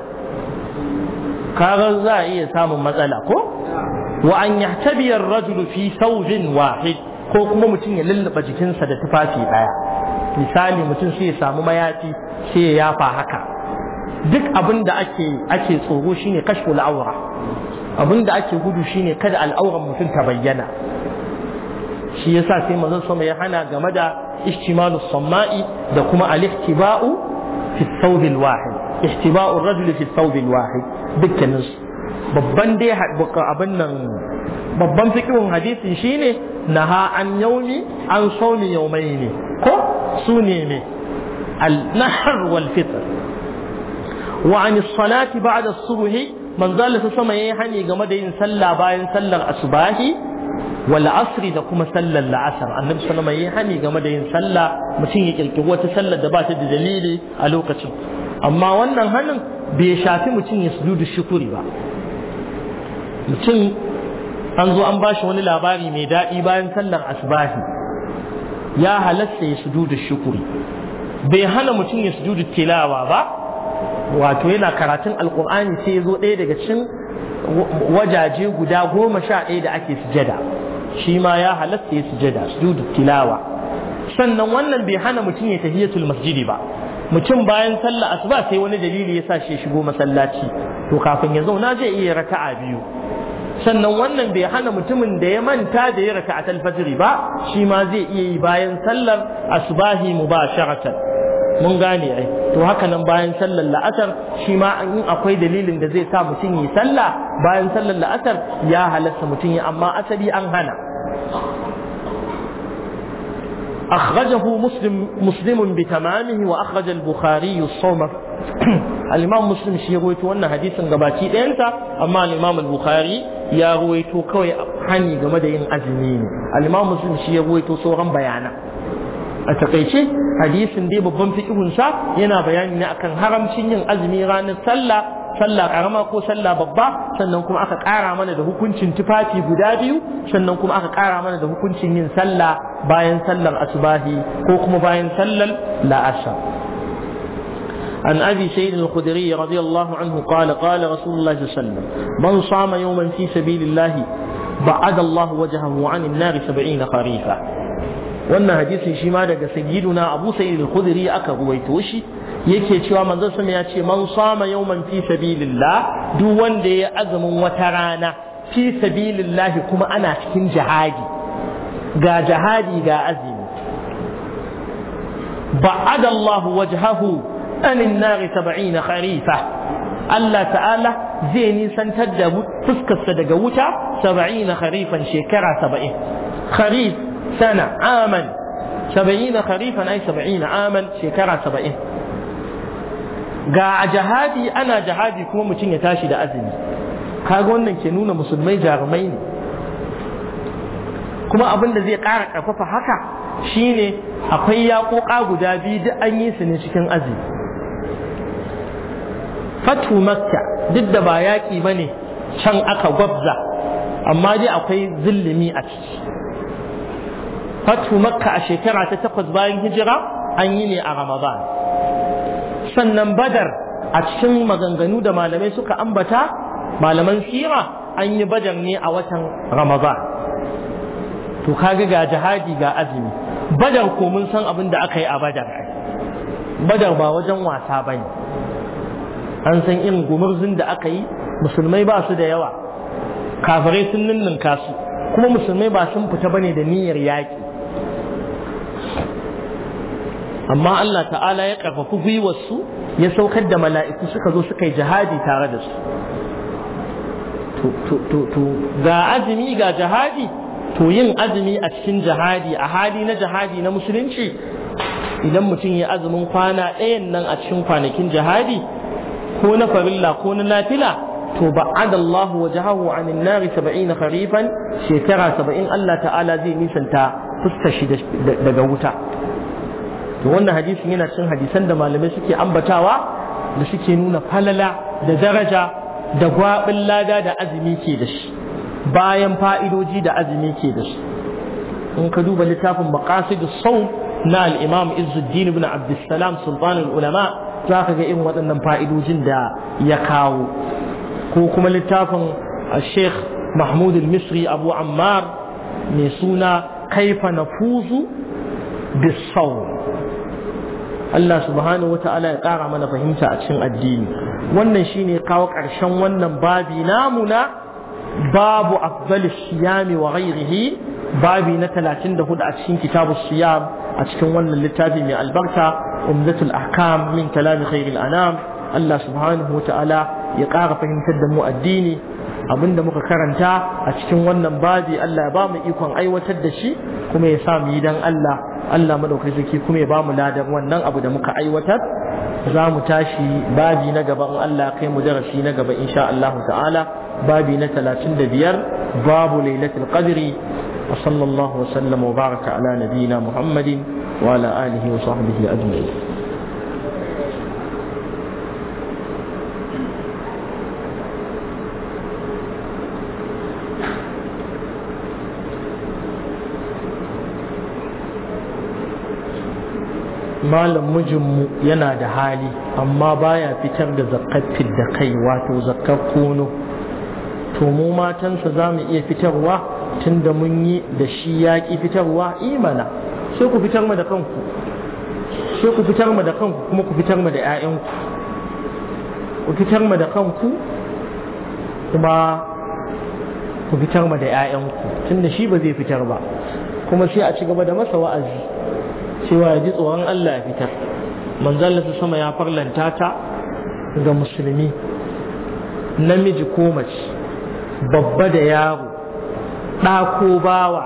karar za a iya samun matsala ko wa an tabiyar rajulu fi saujin wahid ko kuma mutum ya lulluɓa jikinsa da tufafi ɗaya misali mutum sai ya samu mayafi sai ya yafa haka duk abin da ake tsoro shine kashful aura abin da ake gudu shine kada al'auran mutum ta bayyana shi yasa sai manzon sama ya hana game da ishtimalus samma'i da kuma al-ihtiba'u fi thawbil wahid ihtiba'u ar-rajuli fi thawbil wahid dukkanin babban dai abin nan babban fikirin hadisin shine naha an yaumi an sauni yaumai ne ko su ne ne al-nahr wal fitr wa an as-salati ba'da as manzo Allah sama yayi hani game da yin sallah bayan sallar asubahi wal asri da kuma sallar la'asar annabi sallama yayi hani game da yin sallah mutum ya kirkiri wata sallar da ba ta da dalili a lokacin amma wannan hanin bai shafi mutum ya sujudu shukuri ba mutum an zo an ba shi wani labari mai daɗi bayan sallar asubahi ya halatta ya sujudu shukuri bai hana mutum ya sujudu tilawa ba wato yana karatun alkur'ani sai ya zo ɗaya daga cikin wajaje guda goma sha ɗaya da ake sujada shi ma ya halatta ya sujada sujudu tilawa sannan wannan bai hana mutum ya tafiya masjidi ba mutum bayan sallah asuba sai wani dalili ya sa shi shigo masallaci to kafin ya zauna zai iya raka'a biyu sannan wannan bai hana mutumin da ya manta da ya raka a talfajiri ba shi ma zai iya yi bayan sallar asubahi mubasharatan mun gane ai to haka nan bayan sallar la'asar shi ma in akwai dalilin da zai sa mutum yi sallah bayan sallar la'asar ya halatta mutum yi amma asali an hana أخرجه مسلم مسلم بتمامه وأخرج البخاري الصوم الإمام مسلم شي رويته وأن حديثا غباكي أنت أما الإمام البخاري يا رويته كوي حني غمدين أزمين الإمام مسلم شي رويته صورا بيانا a takaice hadisin dai babban fiqhunsa yana bayani ne akan haramcin yin azumi ranar sallah sallah karama ko sallah babba sannan kuma aka ƙara mana da hukuncin tufafi guda biyu sannan kuma aka ƙara mana da hukuncin yin sallah bayan sallar asubahi ko kuma bayan sallar la'asar عن أبي سيد الخدري رضي الله عنه قال قال رسول الله صلى الله عليه وسلم من صام يوما في سبيل الله بعد الله وجهه عن النار سبعين خريفا wannan hadisin shi ma daga sayyiduna Abu Sa'id al-Khudri aka ruwaito shi yake cewa manzon sama ya ce man sama yawman fi sabilillah duk wanda ya azumin wata rana fi sabilillah kuma ana cikin jihadi ga jihadi ga azumi Ba'adallahu Allah wajhahu anin nari 70 kharifa Allah ta'ala zai nisantar da fuskarsa daga wuta 70 kharifan shekara 70 kharif sana aman saba'ina kharifan ai saba'ina aman shekara saba'in ga a jihadi ana jihadi kuma mutum ya tashi da azumi kaga wannan ke nuna musulmai jarumai ne kuma abin da zai ƙara ƙarfafa haka shine akwai yaƙoƙa guda biyu duk an yi su ne cikin azumi fatu makka duk da ba yaƙi ba ne can aka gwabza amma dai akwai zillimi a ciki fatu makka a shekara ta takwas bayan hijira an yi ne a ramadan sannan badar a cikin maganganu da malamai suka ambata malaman sira an yi badar ne a watan ramadan to kaga ga jihadi ga azumi badar ko mun san abin da aka yi a badar badar ba wajen wasa ba ne. an san irin gumurzun da aka yi musulmai ba su da yawa kafirai sun ninninka su kuma musulmai ba sun fita bane da niyyar yaƙi amma Allah ta'ala ya ƙarfafi gwiwarsu ya saukar da mala'iku suka zo suka yi jihadi tare da su ga azumi ga jihadi to yin azumi a cikin jihadi a hali na jihadi na musulunci idan mutum ya azumin kwana ɗayan nan a cikin kwanakin jihadi ko na farilla ko na nafila to ba'ada Allah wajahahu anin nari 70 kharifan shekara 70 Allah ta'ala zai nisanta fuskar shi daga wuta to wannan hadisin yana cin hadisan da malamai suke ambatawa da suke nuna falala da daraja da gwabin lada da azumi ke da shi bayan fa'idoji da azumi ke da shi in ka duba littafin maqasid as-sawm na al-imam Izzuddin ibn Abdussalam sultanul ulama za ka ga irin waɗannan fa'idojin da ya kawo ko kuma littafin Sheikh Mahmud al-Misri Abu Ammar mai suna kaifa nafuzu sau. Allah subhanahu ta'ala ya ƙara mana fahimta a cikin addini wannan shine kawo ƙarshen wannan babi namu na babu afdalis siyami wa ghairihi babi na 34 a cikin kitabu siyam a cikin wannan littafi mai albarka umdatul ahkam min kalami khairil anam Allah subhanahu ta'ala. ya ƙara fahimtar da mu addini abinda muka karanta a cikin wannan babi Allah ya ba mu ikon aiwatar da shi kuma ya sa mu yi dan Allah Allah madaukaki kuma ya ba mu ladan wannan abu da muka aiwatar za mu tashi babi na gaba in Allah ya kai mu darasi na gaba insha Allah ta'ala babi na biyar babu lailatul qadri wa sallallahu wa sallam wa baraka ala nabiyyina muhammadin wa ala alihi wa sahbihi ajma'in malam mijinmu yana da hali amma baya fitar da zakkar da kai wato zakar kono to mu matansa za mu iya fitarwa tun da mun yi da shi yaƙi fitarwa imana eh sai ku fitar mu da kanku sai ku fitar mu da kanku kuma ku fitar mu da 'ya'yanku ku fitar mu da kanku kuma ku fitar mu da 'ya'yanku tun da shi ba zai fitar ba kuma sai a ci gaba da masa wa'azi cewa ya ji tsoron Allah ya fitar manzan ta sama ya farlanta ta ga musulmi namiji ko mace babba da yaro ɗako bawa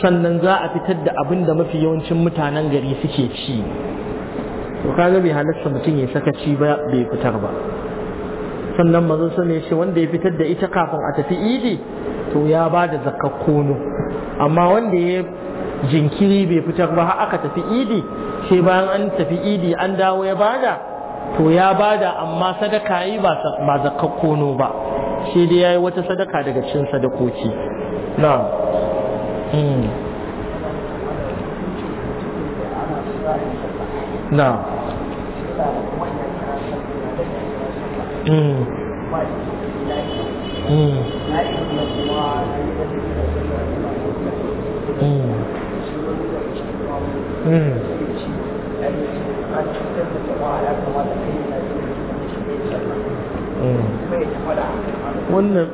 sannan za a fitar da abin da mafi yawancin mutanen gari suke ci to kaga bai halarta mutum ya saka ci ba bai fitar ba sannan mazan sama ya ce wanda ya fitar da ita kafin a tafi idi to ya ba da zakakkono amma wanda ya jinkiri bai fitar ba har aka tafi idi sai bayan an tafi idi an dawo ya bada to ya bada amma sadaka yi ba zakakkono ba sai dai ya yi wata sadaka daga cin sadakoki na na Mm.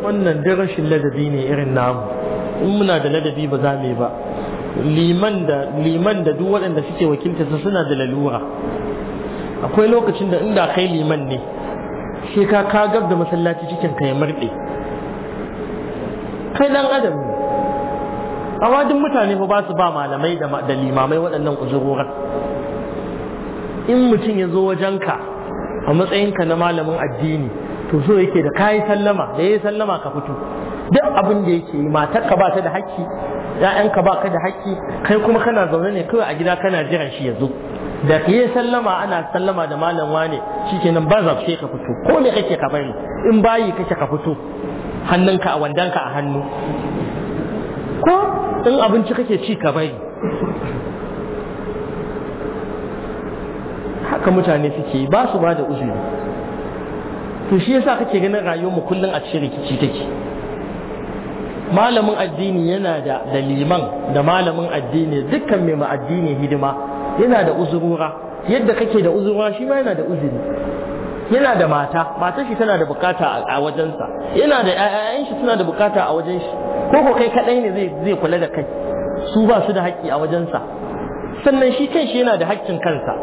wannan da rashin ladabi ne irin namu in muna da ladabi ba za mu ba liman da liman da duk waɗanda suke wakilta su suna da lalura akwai lokacin da inda kai liman ne sai ka ka gab da masallaci cikin ka ya murɗe kai dan adam ne awadin mutane ba su ba malamai da limamai waɗannan uzurorin in mutum ya zo wajen ka, a matsayinka na malamin addini to so yake da kayi sallama da ya yi sallama ka fito duk abin da yake yi matarka ba ta da hakki ‘ya'yanka ba ka da hakki kai kuma kana zaune ne kawai a gida kana jiran shi ya zo da yi sallama ana sallama da malam wane nan ba za sai ka fito ko me kake ka bari in bayi kake ka fito hannunka a wandanka a hannu ko in abinci kake ci ka bari haka mutane suke ba su ba da uzuri to shi yasa kake ganin rayuwar mu kullum a cikin rikici take malamin addini yana da da da malamin addini dukkan mai addini hidima yana da uzurura yadda kake da uzurura shi ma yana da uzuri yana da mata matar shi tana da bukata a wajensa yana da ƴaƴan shi suna da bukata a wajen shi ko ko kai kadai ne zai zai kula da kai su ba su da haƙƙi a wajensa sannan shi kanshi yana da haƙƙin kansa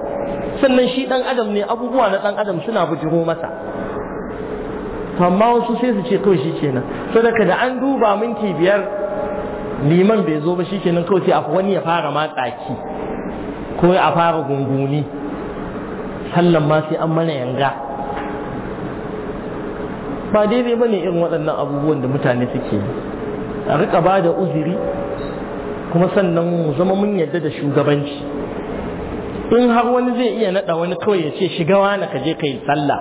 sannan shi dan adam ne abubuwa na dan adam suna bujiro masa amma wasu sai su ce kawai shi kenan sadaka da an duba minti biyar liman bai zo ba shi kenan kawai sai wani ya fara matsaki ko a fara gunguni sallan ma sai an mana yanga ba daidai ba ne irin waɗannan abubuwan da mutane suke yi. a riƙa ba da uziri. kuma sannan mu zama mun yadda da shugabanci in har wani zai iya naɗa wani kawai ya ce shiga na ka je ka yi sallah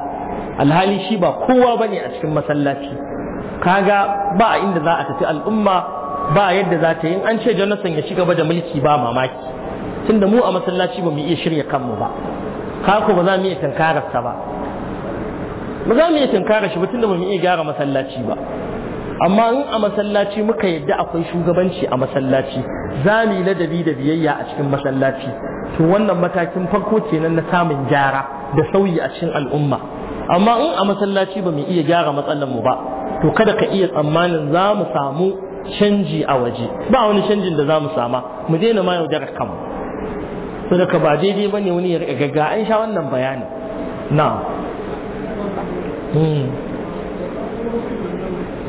alhali shi ba kowa ba ne a cikin masallaci kaga ba inda za a tafi al'umma ba yadda za ta yi an ce jonathan ya shiga gaba da mulki ba mamaki tunda mu a masallaci ba mu iya shirya kanmu ba kako ba za mu iya tankararsa ba ba za mu iya tunkara shi ba tunda ba mu iya gyara masallaci ba amma in a masallaci muka yadda akwai shugabanci a masallaci za mu yi ladabi da biyayya a cikin masallaci to wannan matakin farko kenan na samun gyara da sauyi a cikin al'umma amma in a masallaci ba mu iya gyara matsalar mu ba to kada ka iya tsammanin za mu samu canji a waje ba wani canjin da za mu sama mu daina ma yaudarar kanmu saboda ka ba daidai ne wani ya riga gaggawa an sha wannan bayani na'am Hmm.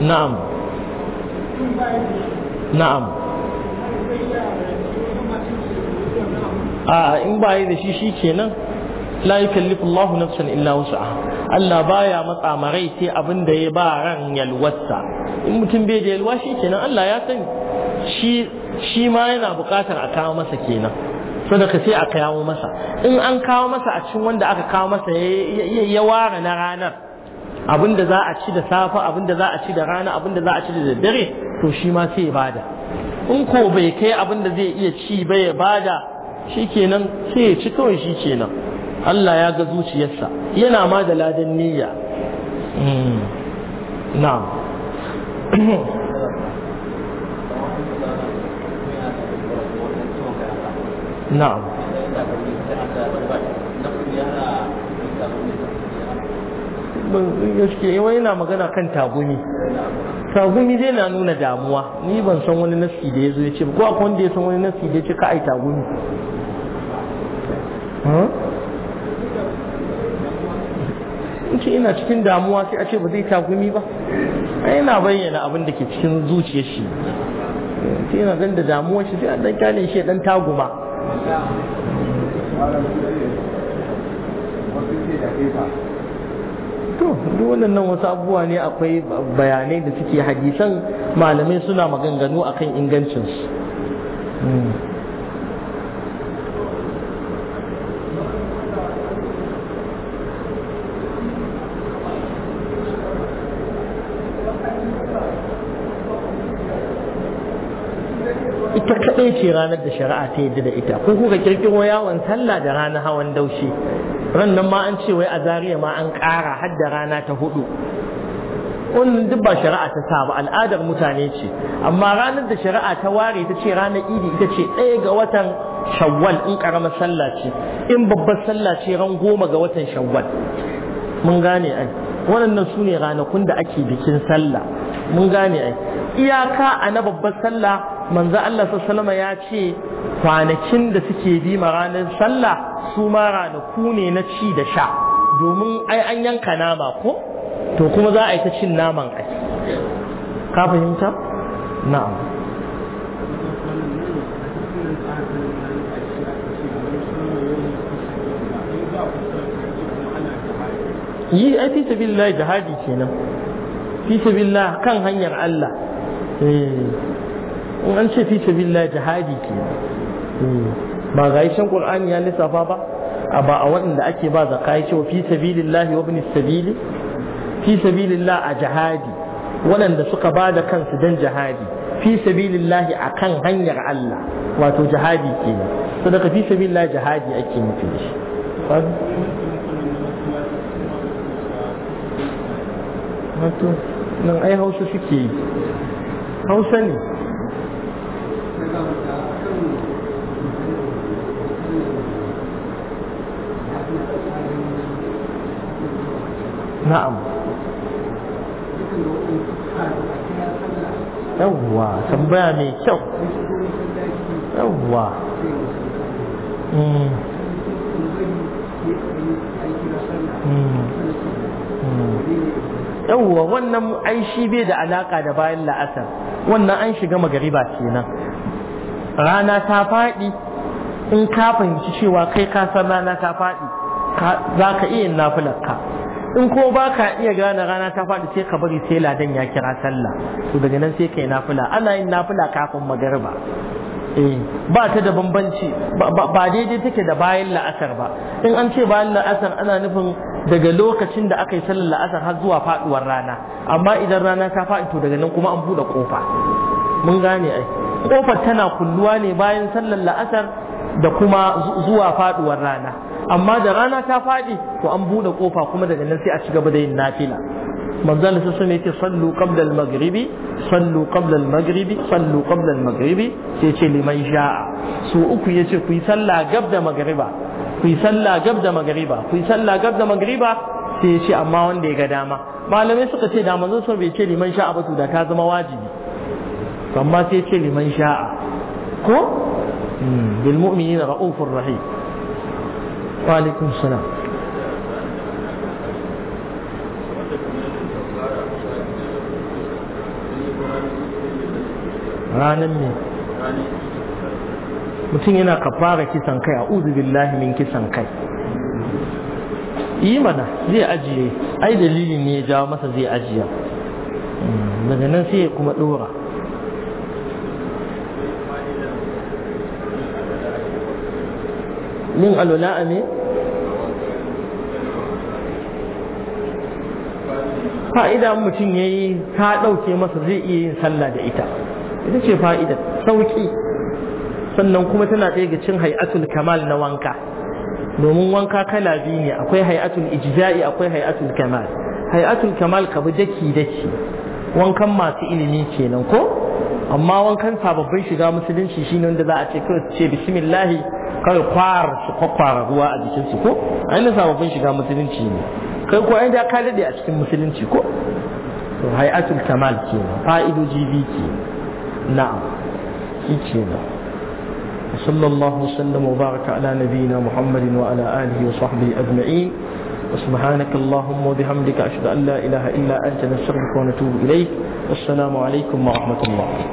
na'am na'am a in ba yi da shi shi kenan la yukallifu nafsan illa wus'aha Allah baya matsa marai sai abin da ya ba ran yalwarsa in mutum bai da yalwa shi kenan Allah ya sani shi shi ma yana buƙatar a kawo masa kenan sadaka sai a kawo masa in an kawo masa a cikin wanda aka kawo masa ya ware na ranar da za a ci da safe da za a ci da rana da za a ci da daddare to shi ma sai ya bada in ko bai kai da zai iya ci ba ya bada kenan sai ya ci kawai shi kenan Allah ya ga zuciyarsa yana ma da ladan niyya hmm. na'am (coughs) na'am yawa eh, yana magana kan tagumi tagumi dai na nuna damuwa ni ban san wani nasi da ya zo ya ce ko akwai wanda ya san wani nasi da ya ce ka ai tagumi hmm? ce ina cikin damuwa sai a ce ba zai tagumi ba yana bayyana abin da ke cikin zuciyar shi sai yana gan da damuwar shi sai a dan kyale shi dan taguma Thank you. to duk wannan wasu abubuwa ne akwai bayanai da suke hadisan malamai suna maganganu akan ingancinsu hmm. ita kaɗai ce ranar da shari'a ta yi da ita ko kuka kirkiro yawon sallah da ranar hawan daushe rannan ma an ce wai a zariya ma an ƙara har da rana ta hudu wannan duk ba shari'a ta sa ba al'adar mutane ce amma ranar da shari'a ta ware ta ce ranar idi ita ce ɗaya ga watan shawwal in ƙaramar sallah ce in babbar sallah ce ran goma ga watan shawwal mun gane ai waɗannan su ne ranakun da ake bikin sallah mun gane ai iyaka a na babbar sallah manzo Allah sallallahu ya ce kwanakin da suke bi ma ranar sallah su ma ranaku ne na ci da sha domin ai an yanka nama ko to kuma za a yi ta cin naman ai ka fahimta na'am yi ai fi sabilillah jihadi kenan fi sabilillah kan hanyar Allah eh an ce fi sabilillah jihadi kenan ba ga shan qur'ani ya lissafa ba a ba a waɗanda ake ba zaka ya cewa fi sabilillahi wa ibn sabili fi sabilillah a jihadi waɗanda suka ba da kansu dan jihadi fi sabilillahi a kan hanyar Allah wato jihadi ke sadaka fi sabilillahi jihadi ake nufi da shi wato nan ai hausa suke yi hausa ne نعم يوه tambaya mai kyau mm. Mm. yawwa wannan ai shi bai da alaka da bayan la'asar wannan an shiga magariba kenan rana ta faɗi in ka fahimci cewa kai ka san rana ta faɗi za ka iya nafilarka in ko ba ka iya gane rana ta faɗi sai ka bari sai ladan ya kira sallah to daga nan sai ka yi nafila ana yin nafila kafin magariba eh ba ta da bambanci ba daidai take da bayan la'asar ba in an ce bayan la'asar ana nufin daga lokacin da aka yi sallar la'asar har zuwa faduwar rana amma idan rana ta faɗi to daga nan kuma an buɗe kofa mun gane ai kofar tana kulluwa ne bayan sallar la'asar da kuma zuwa faɗuwar rana amma da rana ta faɗi to an buɗe ƙofa kuma daga nan sai a ci gaba da yin nafila manzon da sun yace sallu qabla al-maghribi sallu qabla al-maghribi sallu qabla al-maghribi sai ce liman sha'a su uku yace ku yi sallah gab da magriba ku yi sallah gab da magriba ku yi sallah gab da magriba sai yace amma wanda ya ga dama malamai suka ce da manzon sun bai ce liman sha'a ba to da ta zama wajibi amma sai ce liman sha'a ko hmm. bil mu'minina ra'ufur rahim وعليكم السلام Ranan ne mutum yana ka fara kisan kai a billahi min kisan kai yi mana zai ajiye ai dalilin ne ya jawo masa zai ajiya hmm, daga nan sai kuma dora yin alwala a me fa'ida mutum ya yi ta ɗauke masa zai iya yin sallah da ita ita ce fa'ida sauƙi sannan kuma tana ɗaya ga cin hay'atul kamal na wanka domin wanka kala biyu ne akwai hay'atul ijza'i akwai hay'atul kamal hay'atul kamal ka bi daki daki wankan masu ilimi kenan ko amma wankan sababbin shiga musulunci shine wanda za a ce kawai ce bismillah kawai kwar su kwakwara ruwa a jikinsu ko ai na sababbin shiga musulunci ne kai ko ai da ka dade a cikin musulunci ko to hay'atul kamal ke fa'idoji bi na'am shi ke nan sallallahu alaihi wasallam wa baraka ala nabiyyina muhammadin wa ala alihi wa ajma'in وسبحانك اللهم وبحمدك أشهد أن لا إله إلا أنت نستغفرك ونتوب إليك والسلام عليكم ورحمة الله